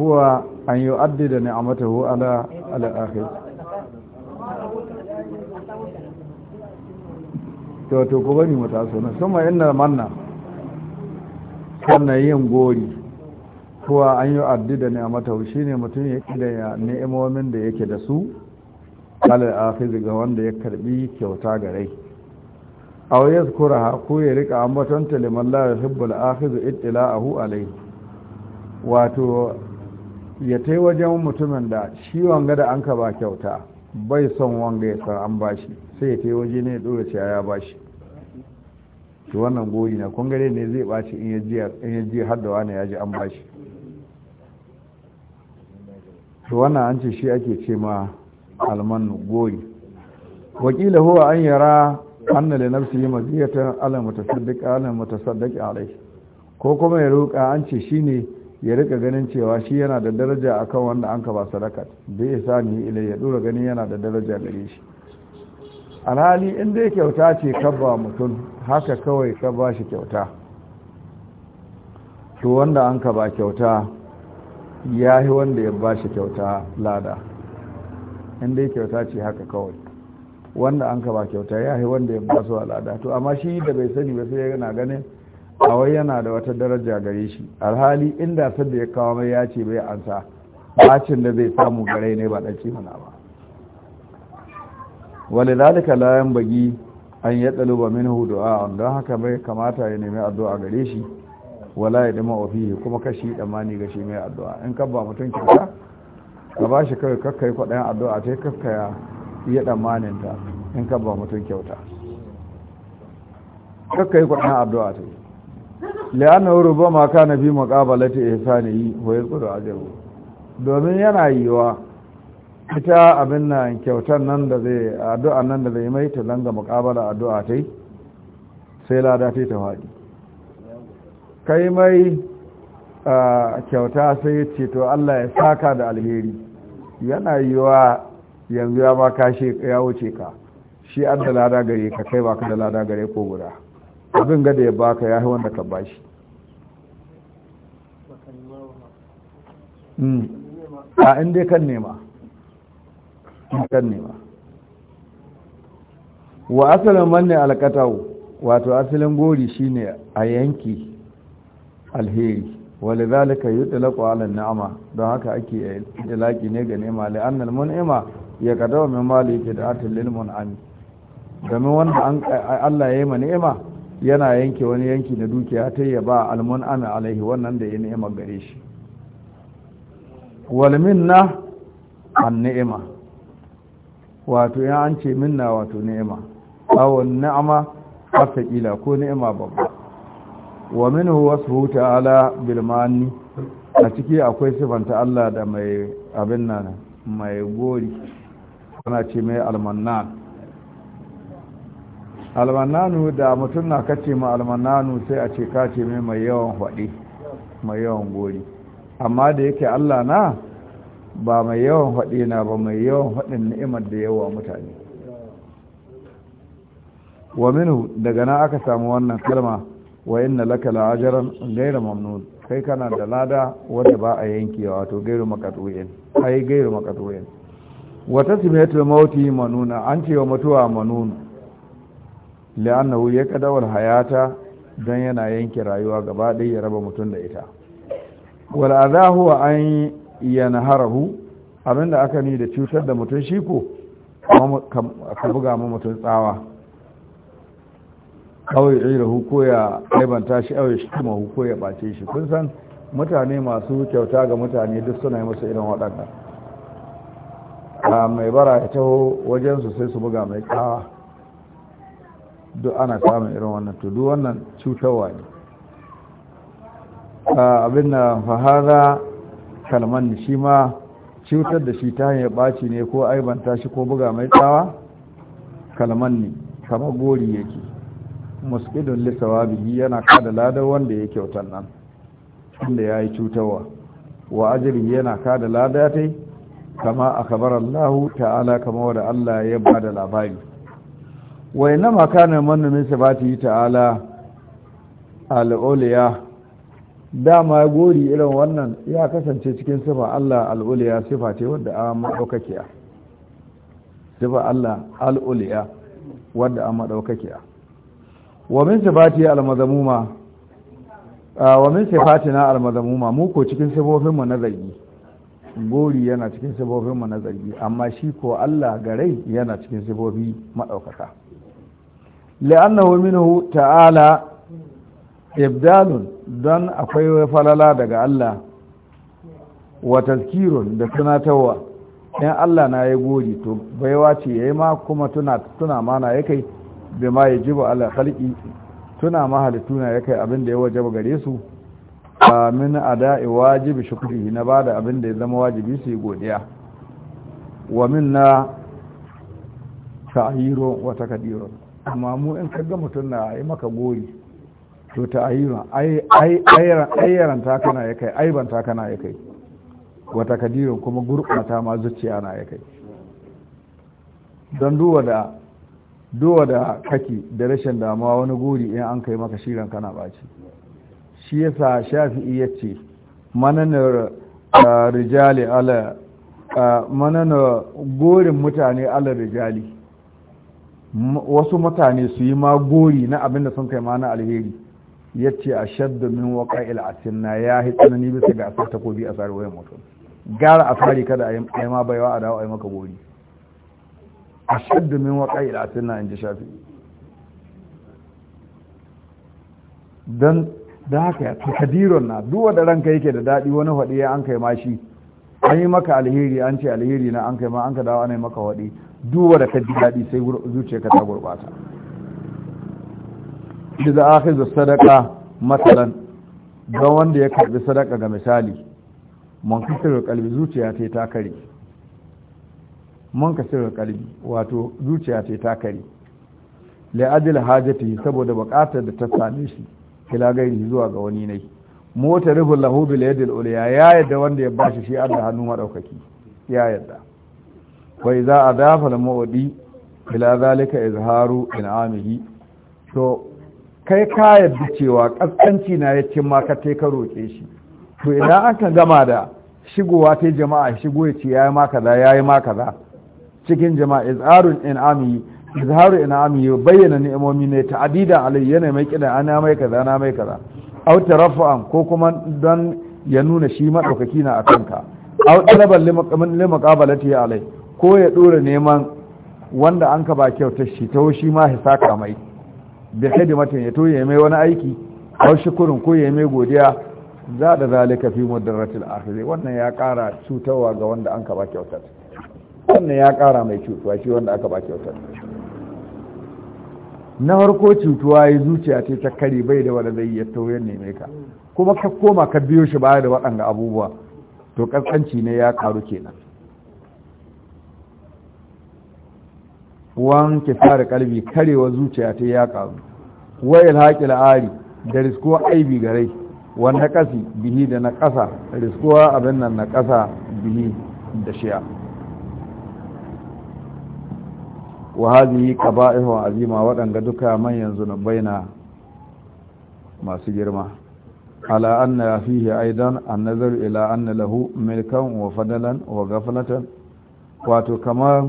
huwa an yi addi da ni'amatahu ala al'akhir to to ko bani mu taso na sama inna manna kana yin gori kuwa an yi addi da ni'amatahu shine mutum ya kida ni'imomin da yake da su ala al'akhir ga wanda ya karbi kyauta ga rai aw yazkuraha ko ya rika ambaton ta liman la yuhibbul akhir ittila'ahu alayhi wato ya tai wajen mutumin da shi wanga da an ka ba kyauta bai son wanga ya san an bashi sai ya tai waje ne dole ce ya bashi shi wannan goyi na kun gare ne zai ba in ya ji in ya ji har da wani ya ji an bashi shi wannan an ce shi ake ce ma almanu goyi wakila huwa an yara anna li nafsihi maziyatan ala mutasaddiq ala mutasaddiq alai ko kuma ya roƙa an ce shine ya rika ganin cewa shi yana da daraja akan wanda an ka ba sadaka bai isa ni ilai ya dora ganin yana da daraja gare shi alhali in dai kyauta ce ka mutum haka kawai ka ba shi kyauta to wanda an ka ba kyauta ya yi wanda ya ba shi kyauta lada in dai kyauta ce haka kawai wanda an ka ba kyauta ya yi wanda ya ba su lada to amma shi da bai sani ba sai yana ganin a wai yana da wata daraja gare shi alhali inda sadda ya kawo mai ya ce bai ansa bacin da zai samu gare ne ba ɗace mana ba wale zalika layan bagi an ya tsaluba min du'a don haka bai kamata ya nemi addu'a gare shi wala ya dama ofihi kuma kashi damani ga shi mai addu'a in ka ba mutum kyauta ka ba shi kawai kakkai kwaɗayan addu'a ta kakkaya iya damaninta in ka ba mutum kyauta kakkai kwaɗayan addu'a ta yi la'anna rubama kana fi muqabalati ihsanihi wa yaqulu ajru domin yana yiwa ita abin nan kyautar nan da zai addu'a nan da zai mai ta langa muqabala addu'a ta yi, sai lada ta yi ta faɗi kai mai kyauta sai ce to Allah ya saka da alheri yana yiwa yanzu ya ba ka ya wuce ka shi an da lada gare ka kai ba da lada gare ko guda abin gada ya baka ya yi wanda ka bashi hmm. a inda kan nema kan nema wa asalin manne alkatau wato asalin gori shine a yanki alheri wale zalika yi tsalaku ala na'ama don haka ake ilaki ne ga nema mun mun'ima ya kadawa min mali ke da atin lil mun'ami domin wanda Allah ya yi ma ni'ima yana yanke wani yanki na dukiya ta yaba almun ana alaihi wannan da ya ni'ima gare shi wal minna an ni'ima wato ya an ce minna wato ni'ima awon ni'ama hatta kila ko ni'ima babba wa minhu wasfu ta'ala bil mani a ciki akwai sifanta Allah da mai abin nan mai gori ana ce mai almannan almananu da mutum na kace ma almananu sai a ce kace mai mai yawan faɗi mai yawan gori amma da yake Allah na ba mai yawan faɗi na ba mai yawan faɗin ni'imar da yawa mutane wa minhu daga na aka samu wannan kalma wa inna laka la'ajaran ghayra mamnun kai kana da lada wanda ba a yankewa wato gairu makatu'in ai gairu makatu'in wata simetul mauti manuna an ce wa mutuwa manuna la'annahu ya kadawar hayata don yana yanke rayuwa gaba ɗaya ya raba mutum da ita wal'aza azahu wa an harahu, abinda aka ni da cutar da mutum shi ko ka buga ma mutum tsawa kawai irahu ko ya aibanta shi awai shi kuma ko ya bace shi kun san mutane masu kyauta ga mutane duk suna yi musu irin waɗanda mai bara ya taho wajensu sai su buga mai tsawa duk ana samun irin wannan to wannan cutarwa ne abin da fahara kalman shi ma cutar da shi ta hanyar ɓaci ne ko aibanta shi ko buga mai tsawa kalman ne kama gori yake muskidin lissawa bihi yana kada ladar wanda ya kyautar nan inda ya yi cutarwa wa ajiri yana kada lada ta kama a kabar allahu ta'ala kama wada allah ya ba da labari wa inma kana mannu min sabati ta'ala al'uliya? uliya dama gori irin wannan ya kasance cikin sifa Allah al'uliya sifa ce wadda a maɗaukakiya sifa Allah al'uliya wadda a maɗaukakiya wa min sifati al-mazmuma wa min sifatina al-mazmuma mu ko cikin sifofin mu na zargi gori yana cikin sifofin mu na zargi amma shi ko Allah garai yana cikin sifofi madaukaka la'annahu minhu ta'ala ibdalun don akwai falala daga Allah wa tazkirun da tunatarwa in Allah na ya gode to baiwa ce yayi ma kuma tuna tuna mana yake bi ma yajibu ala khalqi tuna ma halittuna yake abin da ya wajaba gare su min ada'i wajibi shukrihi na bada abin da ya zama wajibi suyi godiya wa min na ta'irun wata takadirun amma mu in kaga mutum na yi maka gori to ta ayi ayyaran ta kana ya kai aiban ta kana ya kai wata kadirin kuma gurɓata ma zuciya na ya kai don duwa da duwa da kake da rashin damuwa wani gori in an kai maka shirin kana baci shi yasa ya ce mananar rijali ala mananar gorin mutane ala rijali wasu mutane su yi magori na abin da sun kai ma na alheri ya ce a shadda min waka il'asin na ya yi tsanani bisa ga asar kobi a tsari wayan mutum gara a tsari kada a yi ma baiwa a dawo a yi maka gori a shadda min waka il'asin na in ji shafi don da haka kadiron na duwa da ranka yake da daɗi wani haɗe an kai ma shi an yi maka alheri an ce alheri na an kai ma an ka dawo ana yi maka haɗe duwa da ka ji daɗi sai zuciyarka ta gurɓata idan akhizu sadaka matsalan ga wanda ya karbi sadaka ga misali mun kasirar kalbi zuciya ta ta takari mun kasirar kalbi wato zuciya ta ta kare la'ajil hajati saboda bukatar da ta same shi kila gairi zuwa ga wani nai motar rufin lahu bil ya yadda wanda ya bashi shi da hannu maɗaukaki ya yadda wai za a dafa da ma'udi ila zalika izharu in'amihi to kai ka yadda cewa kaskanci na ya ce ma ka te ka roƙe shi to idan aka gama da shigowa ta jama'a shigo ya ce maka ma kaza yi ma kaza cikin jama'a izharun in'amihi izharu in'amihi bayyana ni'imomi ne ta'adida alai yana mai kiɗa ana mai kaza na mai kaza au tarafa'an ko kuma don ya nuna shi maɗaukaki na a ka au na limuqabalati alai ko ya ɗora neman wanda an ka ba kyautar shi ta shi ma ya saka mai da hidimatin ya toye mai wani aiki ko shukurin ko ya mai godiya za da zalika fi mudarratil akhir wannan ya kara cutarwa ga wanda an ka ba kyautar wannan ya kara mai cutuwa shi wanda aka ba kyautar na harko cutuwa ya zuciya ce ta kari bai da wanda zai ya ne neme ka kuma ka koma ka biyo shi baya da waɗanga abubuwa to kaskanci ne ya karu kenan wanke fara kalbi karewa zuciya ta ya karu wa ilhaqil la'ari da riskuwa aibi gare wanda kasi bihi da na ƙasa riskuwa abin nan na ƙasa bihi da shiya wa hadhihi qaba'ihu azima waɗanda duka manyan zunubai na masu girma ala anna fihi aidan an-nazar ila anna lahu milkan wa fadalan wa ghaflatan wato kamar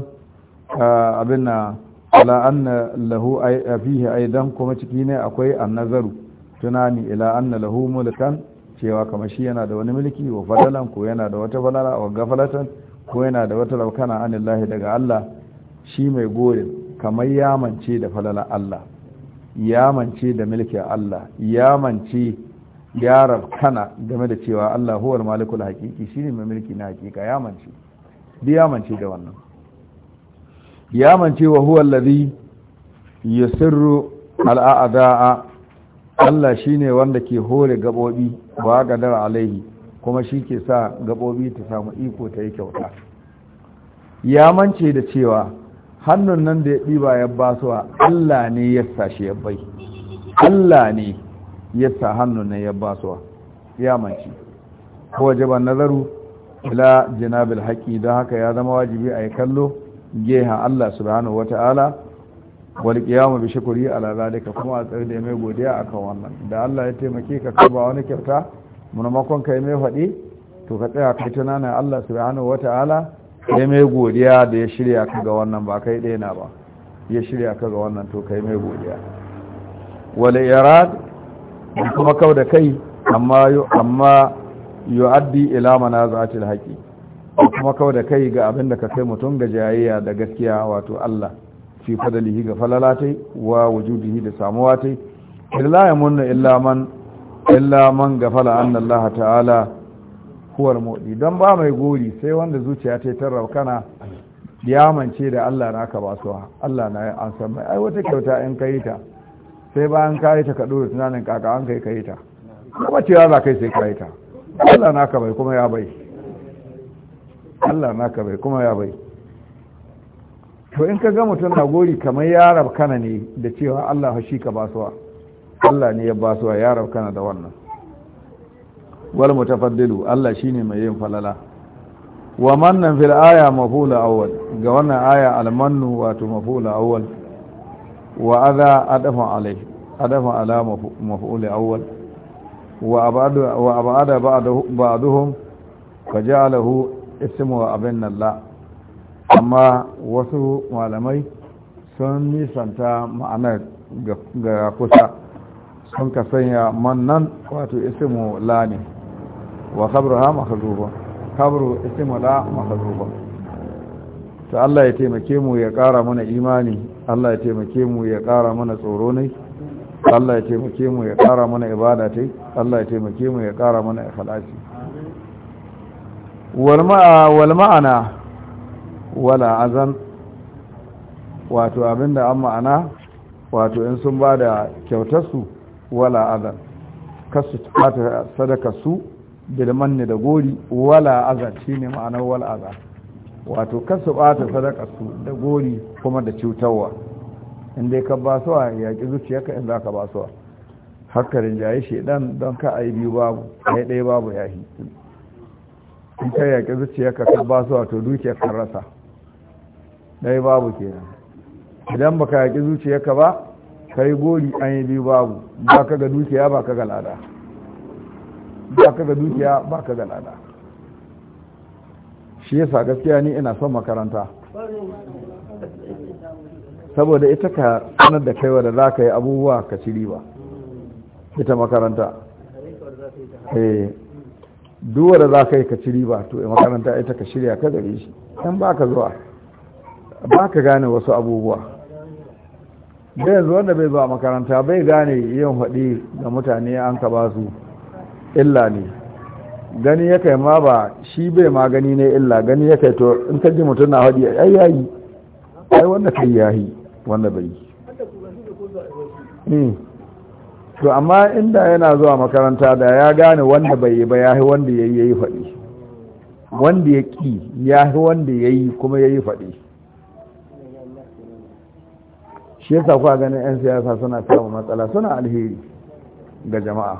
abin na ala anna lahu fihi aidan kuma ciki ne akwai annazaru tunani ila anna lahu mulkan cewa kamar shi yana da wani mulki wa fadalan ko yana da wata falala wa gafalatan ko yana da wata laukana anillahi daga Allah shi mai gorin kamar yamance da falala Allah yamance da mulki Allah yamance ya kana game da cewa Allah huwar malikul haƙiƙi shine mai mulki na ya yamance bi yamance da wannan ya mance wa huwa allazi yusirru al'a'da'a Allah shine wanda ke hore gabobi ba gadar alaihi kuma shi ke sa gabobi ta samu iko ta yi kyauta ya mance da cewa hannun nan da ya ɗiba ya basuwa Allah ne ya sa shi ya bai Allah ne ya sa hannun nan ya basuwa ya mance ko ba nazaru ila janabil haƙi don haka ya zama wajibi a yi kallo geha Allah subhanahu wata'ala wal qiyamu bi shukri ala zalika kuma a tsare da mai godiya akan wannan da Allah ya taimake ka ka wani kyauta munamakon kai mai faɗi to ka tsaya kai tunanin Allah subhanahu wata'ala ya mai godiya da ya shirya ka ga wannan ba kai ɗaya na ba ya shirya ka ga wannan to kai mai godiya wal irad kuma kau da kai amma amma yu'addi ila manazatil haqqi kuma kawai da kai ga abin da ka kai mutum ga jayayya da gaskiya wato Allah fi fadalihi ga falalatai wa wujudihi da tai illa ya munna illa man illa man gafala anna Allah ta'ala huwar mudi don ba mai gori sai wanda zuciya ta ta raukana ya mance da Allah na ka ba Allah na an san mai ai wata kyauta in kai ta sai bayan kai ta ka dora tunanin kaka an kai kai ta kuma cewa ba kai sai kai ta Allah na ka bai kuma ya bai Allah naka bai kuma ya bai to in ka ga mutum na gori kamar ya kana ne da cewa Allah shi ka basuwa Allah ne ya basuwa ya kana da wannan wal mutafaddilu Allah shine mai yin falala wa mannan fil aya mafula awwal ga wannan aya al mannu wato mafula awwal wa adha adafa alai adafa ala mafula awwal wa abada wa abada ba'dahu ba'dahum ja'alahu ismu abin nan la amma wasu malamai sun nisanta ma'anar ga kusa sun ka sanya mannan wato ismu la ne wa khabruha mahzuba kabru ismu la mahzuba ta Allah ya taimake mu ya kara mana imani Allah ya taimake mu ya kara mana tsoro ne Allah ya taimake mu ya kara mana ibada Allah ya taimake mu ya kara mana ikhlasi wal wala azan wato abinda an ma'ana wato in sun ba da kyautarsu wala azan kasu ta sadaka su bilman ne da gori wala azan shi ne ma'anar wala azan wato kasu bata sadaka su da gori kuma da cutarwa inda ka ba su a yaƙi zuciyarka in za ka ba su a hakarin jaye shaidan don ka a yi biyu babu ɗaya ɗaya babu yahi in kai yaƙi zuciya ka ka ba su wato dukiyar kan rasa dai babu kenan idan baka yaƙi zuciyar ka ba kai gori an yi biyu babu ba ka ga dukiya ba ka ga lada ba ka ga dukiya ba ka ga lada shi yasa gaskiya ni ina son makaranta saboda ita ka sanar da kaiwa da za ka yi abubuwa ka ci riba ita makaranta eh duwar za ka yi ka ciri ba to a makaranta ita ka shirya ka gare shi dan ba ka zuwa ba ka gane wasu abubuwa da yanzu wanda bai zuwa makaranta bai gane yin haɗi ga mutane an ka ba su illa ne gani ya kai ma ba shi bai ma gani ne illa gani ya kai to in ka ji mutum na haɗi ai yayi ai wanda kai yayi wanda bai yi hmm. to amma inda yana zuwa makaranta da ya gane wanda bai yi ba ya yi wanda ya yi faɗi wanda ya ƙi ya yi wanda ya yi kuma ya yi faɗi shi yasa kuwa ganin 'yan siyasa suna samun matsala suna alheri ga jama'a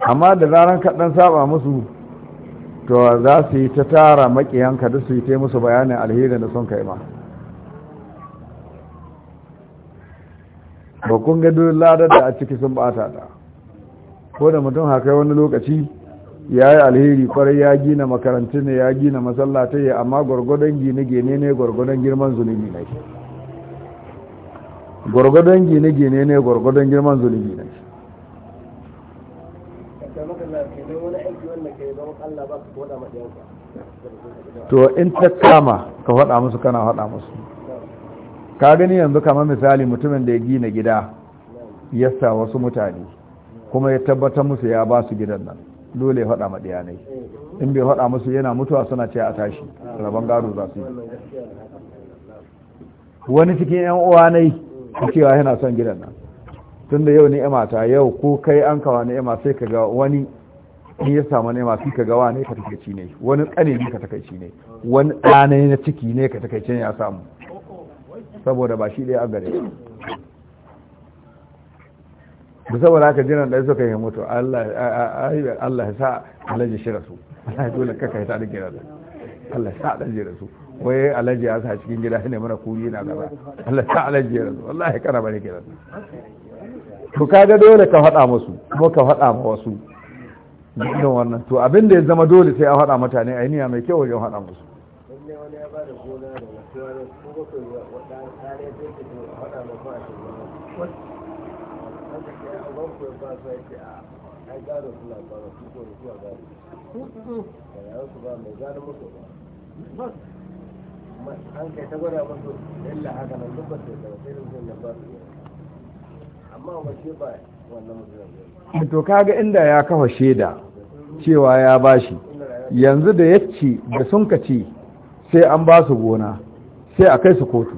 amma da zaran kaɗan saba musu to za su yi ta tara maƙiyanka da su yi ta musu bayanin alheri da sun kai ma ba kun ga duk ladar da a ciki sun bata ta ko da mutum haka wani lokaci ya yi alheri kwarai ya gina makarantu ne ya gina masallatai amma gwargwadon gine-gine ne gwargwadon girman zunubi ne gwargwadon gine-gine ne gwargwadon girman zunubi ne to in ta kama ka faɗa musu kana faɗa musu ka gani yanzu kamar misali mutumin da ya gina gida ya sa wasu mutane kuma ya tabbatar musu ya ba su gidan nan dole ya faɗa maɗiya ne in bai faɗa musu yana mutuwa suna ce a tashi rabon gado za su yi wani cikin yan uwa ne cewa yana son gidan nan tun da yau ni'ima ta yau ko kai an kawa ni'ima sai ka ga wani in ya samu ni'ima sai ka ga wani ka takaici ne wani tsane ne ka takaici ne wani ɗanai na ciki ne ka takaici ne ya samu saboda ba shi ɗaya a gare da saboda haka jiran ɗaya suka yi mutu Allah ya sa alaji shi rasu Allah ya dole kaka ya sa da kira Allah ya sa alaji rasu wai alaji ya sa cikin gida ne mana kuri na gaba Allah ya sa alaji rasu Allah ya kana bane kira to kaga dole ka faɗa musu ko ka faɗa ma wasu dukkan wannan to abin da ya zama dole sai a faɗa mutane a niyya mai kyau wajen faɗa musu to kaga inda ya kafa shaida cewa ya bashi yanzu da yacce da sun sai an ba su gona sai a kai su kotu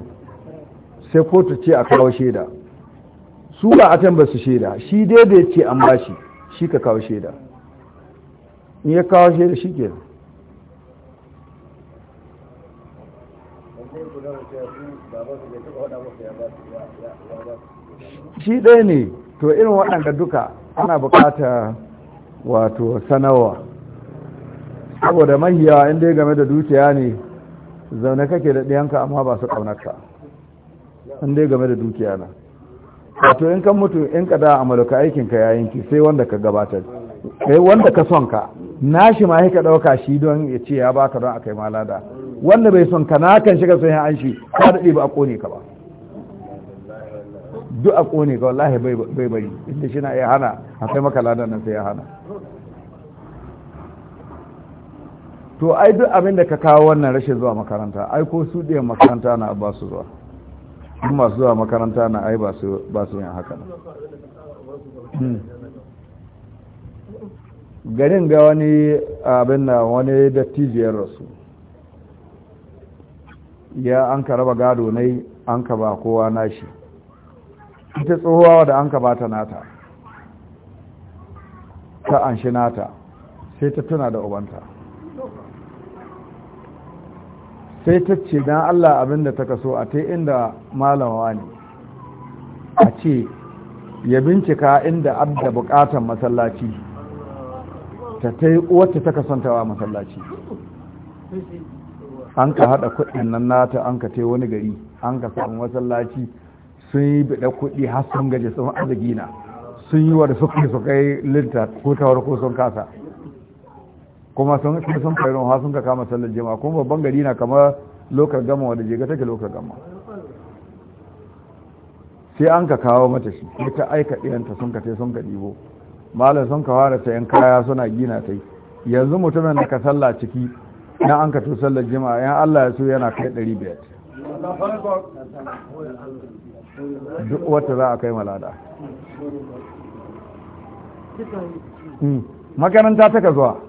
sai kotu ce a kawo shaida su ba a ba su shaida shi daidai ce an bashi shi ka kawo shaida in ya kawo shaida shi ke shi ɗaya ne to irin waɗanda duka ana bukata wato sanarwa saboda mahiyawa inda ya game da dukiya ne zaune kake da ɗiyanka amma ba su ƙaunarka in dai game da dukiya na wato in kan mutu in ka da amalu ka aikin ka yayin ki sai wanda ka gabatar kai wanda ka son ka nashi ma ka ɗauka shi don ya ce ya baka don akai malada wanda bai son ka na kan shiga yin an shi ka daɗe ba a ƙone ka ba duk a ƙone ka wallahi bai bari inda shi na iya hana akai maka ladan nan sai ya hana to ai duk abin da ka kawo wannan rashin zuwa makaranta ai ko su ɗiyan makaranta na ba su zuwa in masu zuwa makaranta na ai ba su yin haka nan hmm. garin ga wani abin na wani dattijiyar rasu ya an ka raba gado ne an ka ba kowa nashi ita tsohuwa da an ka ba ta nata ta an shi nata sai ta tuna da ubanta sai ta ce don allah abin da ta kaso a ta inda malawa ne a ce ya bincika inda abda bukatan masallaci ta ta yi wacce ta kasantawa masallaci an ka haɗa kuɗin nan nata an ka wani gari an ka samun masallaci sun yi biɗa kuɗi har sun gaje sun arziki sun yi wa da suka yi linta ko tawar ko sun kasa kuma sun ce sun kai ha sun ka kama sallar jama'a kuma babban gari na kamar lokar gama wanda ga take lokar gama sai an ka kawo mata shi sai ta aika ɗiyanta sun ka sai sun ka ɗibo malam sun ka fara sayan kaya suna gina ta yanzu mutumin da ka sallah ciki na an ka to sallar jama'a yan Allah ya so yana kai ɗari biyar duk wata za a kai malada hmm. makaranta ta ka zuwa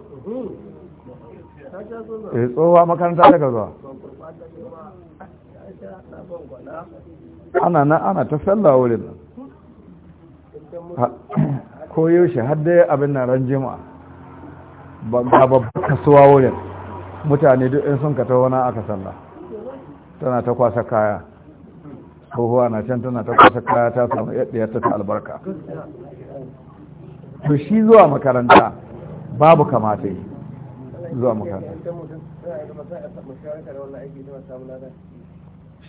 E tsohuwa makaranta daga zuwa. ana na ana ta sallah wurin koyo shi har dai abin na ran jima, ba babbar kasuwa wurin mutane duk in sun kata wani aka sallah tana ta kwasa kaya tsohuwa na can tana ta kwasa kaya ta samu yadda ya ta albarka to shi zuwa makaranta babu kamata yi zuwa makaranta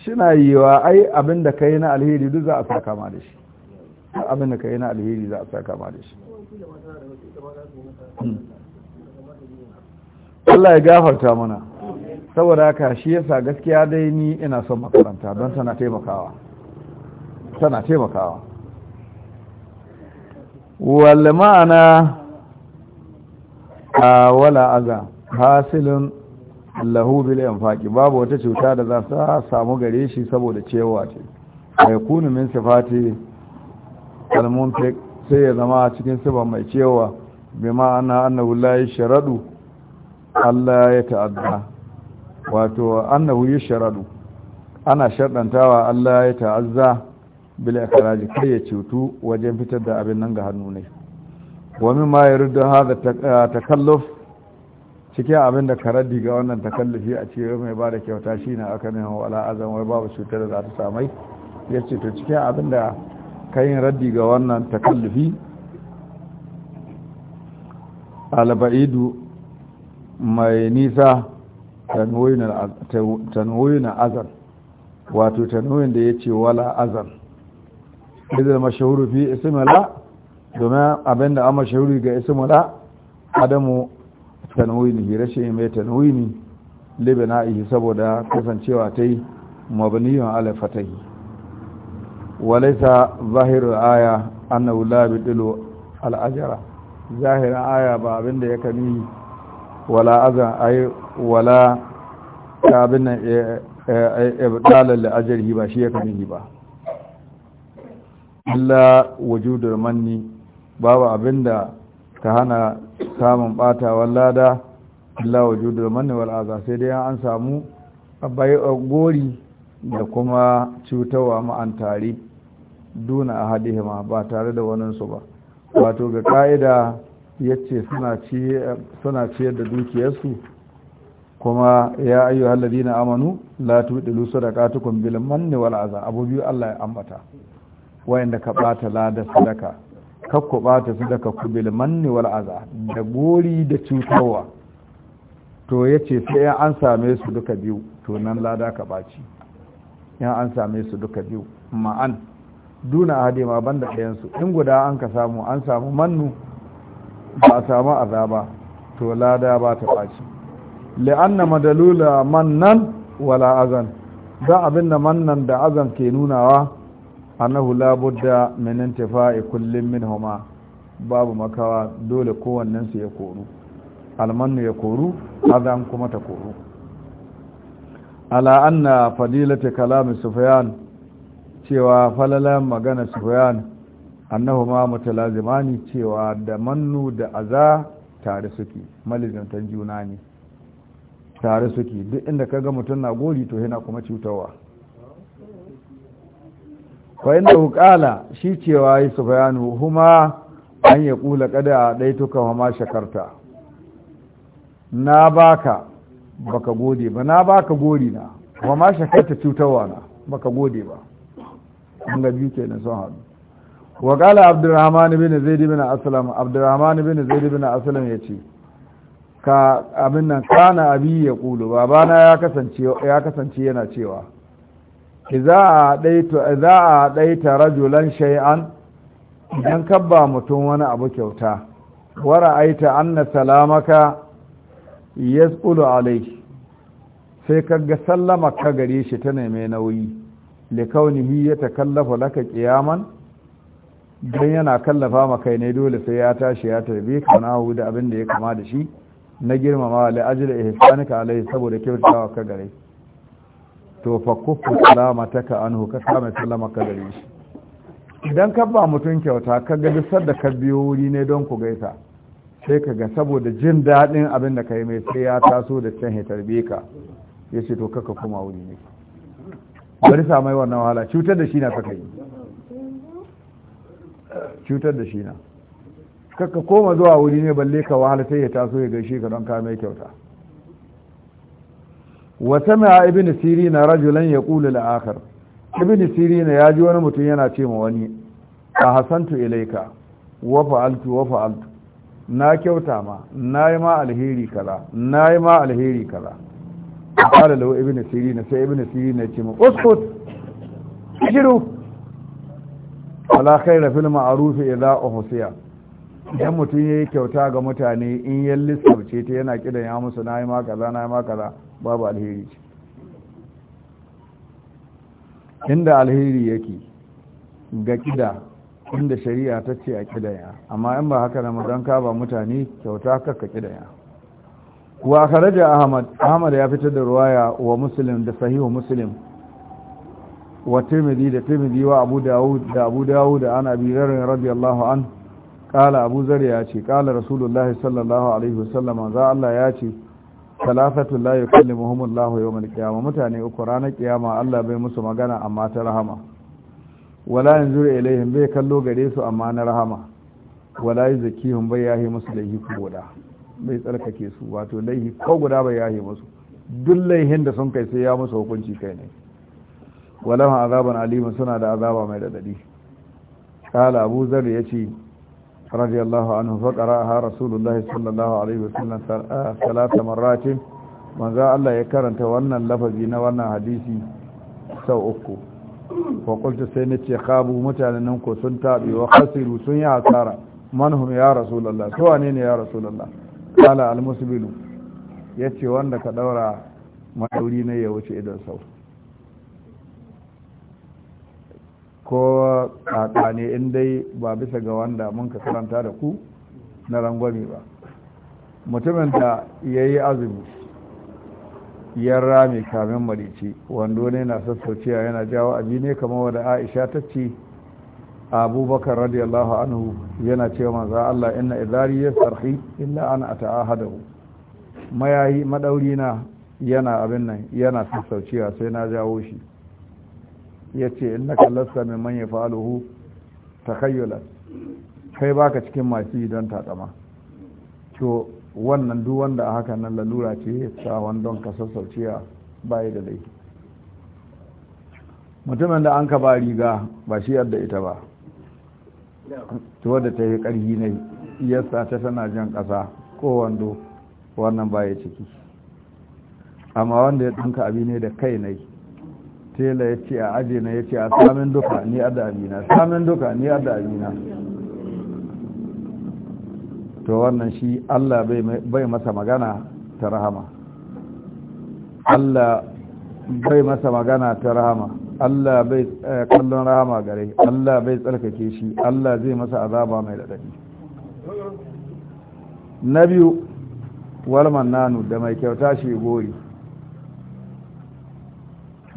shina yiwa ai abinda ka yi na alheri duk za a sa kama da shi abinda ka yi na alheri za a sa kama da shi Allah ya gafarta mana saboda haka shi yasa gaskiya dai ni ina son makaranta don tana taimakawa tana taimakawa wal ma'ana wala aza hasilun lahu bil infaqi babu wata cuta da za ta samu gare shi saboda cewa ce ay kunu min sifati al sai ya zama cikin sifan mai cewa bi ma'ana annahu la yashradu Allah ya ta'adda wato annahu yashradu ana shardantawa Allah ya ta'azza bil kai ya cutu wajen fitar da abin nan ga hannu ne ma ya rudu hadha takalluf cikin abin da karaddi ga wannan takallufi a cewa mai ba da kyauta Shi na aka nemo wala azan wai babu cutar da za ta samai Ya ce to cikin abin da yi raddi ga wannan takallufi alba'idu mai nisa na azan wato tanwoyin da ya ce wala azan izar mashahuru fi isimila. domin abin da amma shahuri ga isimu da, adamu tanwini rashin mai tanwini ihi saboda kasancewa ta yi mabniyun ala yi walisa zahirar aya annahu la bi al al'ajara. zahirin aya ba abin da ya kani wala azan ay wala ta abin nan eh, eh, eh, ajar yi ba shi ya kani ba illa wujudar manni babu abin da ka hana samun batawar lada Allah wa judul manni wal sai dai an samu bai gori da kuma cutarwa ma'an tare duna a hadihima ba tare da waninsu ba wato ga ka'ida ya ce suna ciyar da dukiyarsu kuma ya ayyu halladi na amanu la tuɗilu sadaqatukum bil manni wal aza Allah ya ambata wayanda ka bata lada sadaka kakku ta su daga kubil manni wal aza da gori da cutarwa to ya ce sai yan an same su duka biyu to nan lada ka ɓaci yan an same su duka biyu ma'an duna hade ma banda ɗayansu in guda an ka samu an samu mannu ba a samu azaba to lada ba ta ɓaci li'anna madalula mannan wala azan don abin da mannan da azan ke nunawa annahu la budda min intifa'i kullin minhuma babu makawa dole kowannen su ya koru almannu ya koru azan kuma ta koru ala anna fadilati kalami sufyan cewa falalan magana sufyan annahuma mutalazimani cewa da mannu da aza tare suke malizantan juna ne tare suke duk inda kaga mutum na gori to yana kuma cutarwa fa inda hukala shi cewa yi su bayanu huma an ya kula kada a ɗaituka kuma ma shakarta na baka baka gode ba na baka gori na kuma ma shakarta cutarwa na baka gode ba an ga biyu kenan sun haɗu wa kala abdurrahman bin zaid bin aslam abdurrahman bin zaid bin aslam ce ka abin nan kana abi ya kulu babana ya kasance ya kasance yana cewa za a ɗaita rajulan shay'an idan kabba mutum wani abu kyauta wara aita anna salamaka yasqulu alayhi sai kaga sallama ka gare shi ta neme nauyi li kaunihi ya takallafa laka qiyaman dan yana kallafa kai ne dole sai ya tashi ya tarbi ka nahu da abin da ya kama da shi na girmama li ajli ihsanika alayhi saboda kyautawa ka gare shi to fa kufu salamataka anhu ka same sallama ka gare shi idan ka ba mutum kyauta ka ga dusar da ka biyo wuri ne don ku gaisa sai ka ga saboda jin daɗin abin da ka yi mai sai ya taso da can ya tarbe ka ya ce to kaka kuma wuri ne bari sa mai wannan wahala cutar da shi na kaka yi cutar da shi na kaka koma zuwa wuri ne balle ka wahala sai ya taso ya gaishe ka don ka mai kyauta wa sami'a ibn sirina rajulan yaqulu lil akhar ibn ya ji wani mutum yana ce ma wani a hasantu ilaika wa fa'altu wa fa'altu na kyauta ma na yi ma alheri kaza nayi ma alheri kaza qala lahu ibn sirina sai ibn sirina ya ce ma uskut shiru ala khayra fil ma'ruf idha uhsiya idan mutum ya yi kyauta ga mutane in ya ce ta yana kidan ya musu na yi ma kaza na yi ma kaza babu alheri ce. inda alheri yake ga kida inda shari'a ta ce a kidaya amma in ba haka ramadan ka ba mutane kyauta kakka kidaya wa kharaja ahmad ahmad ya fitar da ruwaya wa muslim da sahihu muslim wa tirmidhi da tirmidhi wa abu daud da abu dawud an abi dharr radiyallahu an qala abu zar ya ce qala rasulullahi sallallahu alaihi wasallam za Allah ya ce talafatu la yukallimuhum Allahu yawmal qiyamah mutane uku ranar kiyama Allah bai musu magana amma ta rahama wala yanzuru ilaihim bai kallo gare su amma na rahama wala yuzakihum bai yahi musu laihi ko guda bai tsarkake su wato laihi ko guda bai yahi musu duk laihin da sun kai sai ya musu hukunci kai ne wala azaban alimun suna da azaba mai dadadi kala abu zar ya ce رضي الله عنه فقرأها رسول الله صلى الله عليه وسلم ثلاث مرات من ذا الله يكرنت وانا اللفظين وانا حديثي سو اكو فقلت سينتي خابوا متعننكو سنتابي وخسروا سنيا عسارا من هم يا رسول الله سوانين يا رسول الله قال المسبل يتي وانا كدورا مدولين يوشي إذا سوف ko kaka ne in dai ba bisa ga wanda mun ka karanta da ku na rangwami ba mutumin da ya yi azumi ya rami kamin marici wando ne na sassauciya yana jawo abi ne kamar wadda aisha ta ce abubakar radiyallahu anhu yana cewa manza Allah inna idari ya sarhi illa an ata'ahadahu mayayi madaurina yana abin nan yana sassauciya sai na jawo shi ya ce in na kallasta mai manya fa'aluhu ta kayyulan kai baka cikin masu yi don tatsama to wannan duk wanda a haka nan lalura ce sawan don ka sassauciya bayi da laifi mutumin da an ka ba riga ba shi yadda ita ba to wadda ta yi ƙarfi ne yasta ta tana jan ƙasa ko wando wannan baya ciki amma wanda ya ɗanka abi ne da kai ne tela ya ce a aje na ya ce a samun duka ni da amina samun duka ni da amina to wannan shi allah bai masa magana ta rahama allah bai masa magana ta rahama allah bai eh, kallon rahama gare allah bai tsarkake shi allah zai masa azaba mai daɗaɗi na biyu walman nanu da mai kyauta shi gori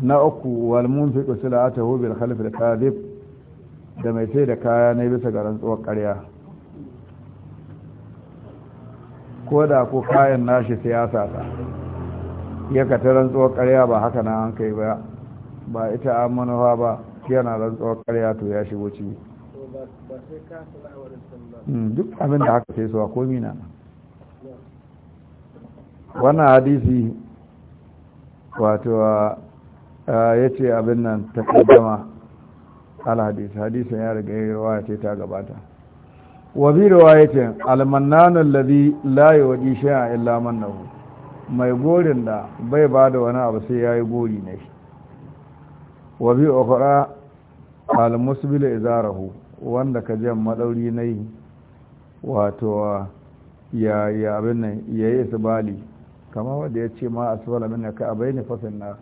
na uku wal munfiqu a bil khalf al kadhib da mai sai da kaya na bisa ga rantsuwar ƙarya ko da ko kayan nashi siyasa ta ya ka rantsuwar karya ba haka na an kai ba ba ita an ba yana rantsuwar karya to ya shigo ciki hmm, duk abin da haka sai suwa komi na wannan hadisi wato ya ce abin nan ta kaddama alhadis hadisin ya riga yi ruwa ce ta gabata wabi ruwa ya ce almannanin labi layi waɗi shaya illa nahu mai gorin da bai ba da wani abu sai ya yi gori ne wabi okura almusbil izarahu wanda ka jan maɗauri na yi wato ya abin nan ya yi isbali kamar wanda ya ce ma asibala min ka abai ne fasin na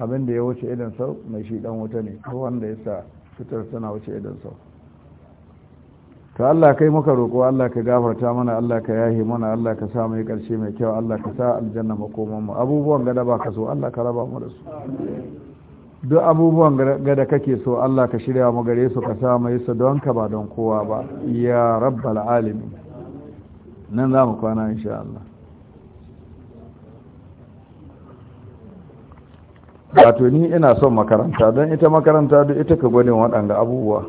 abin da ya wuce idan sau mai shi dan wuta ne ko wanda ya sa fitar tana wuce idan sau ta Allah kai muka roƙo Allah ka gafarta mana Allah ka yahi mana Allah ka sa mai ƙarshe mai kyau Allah ka sa aljanna makoman mu abubuwan gada ba ka so Allah ka raba mu da su duk abubuwan gada kake so Allah ka shirya mu gare su ka sa mai su don ka ba don kowa ba ya rabbal alamin nan za mu kwana insha Allah wato ni ina son makaranta don ita makaranta duk ita ka gwanin waɗanda abubuwa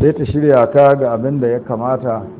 sai ta shirya ka ga abin da ya kamata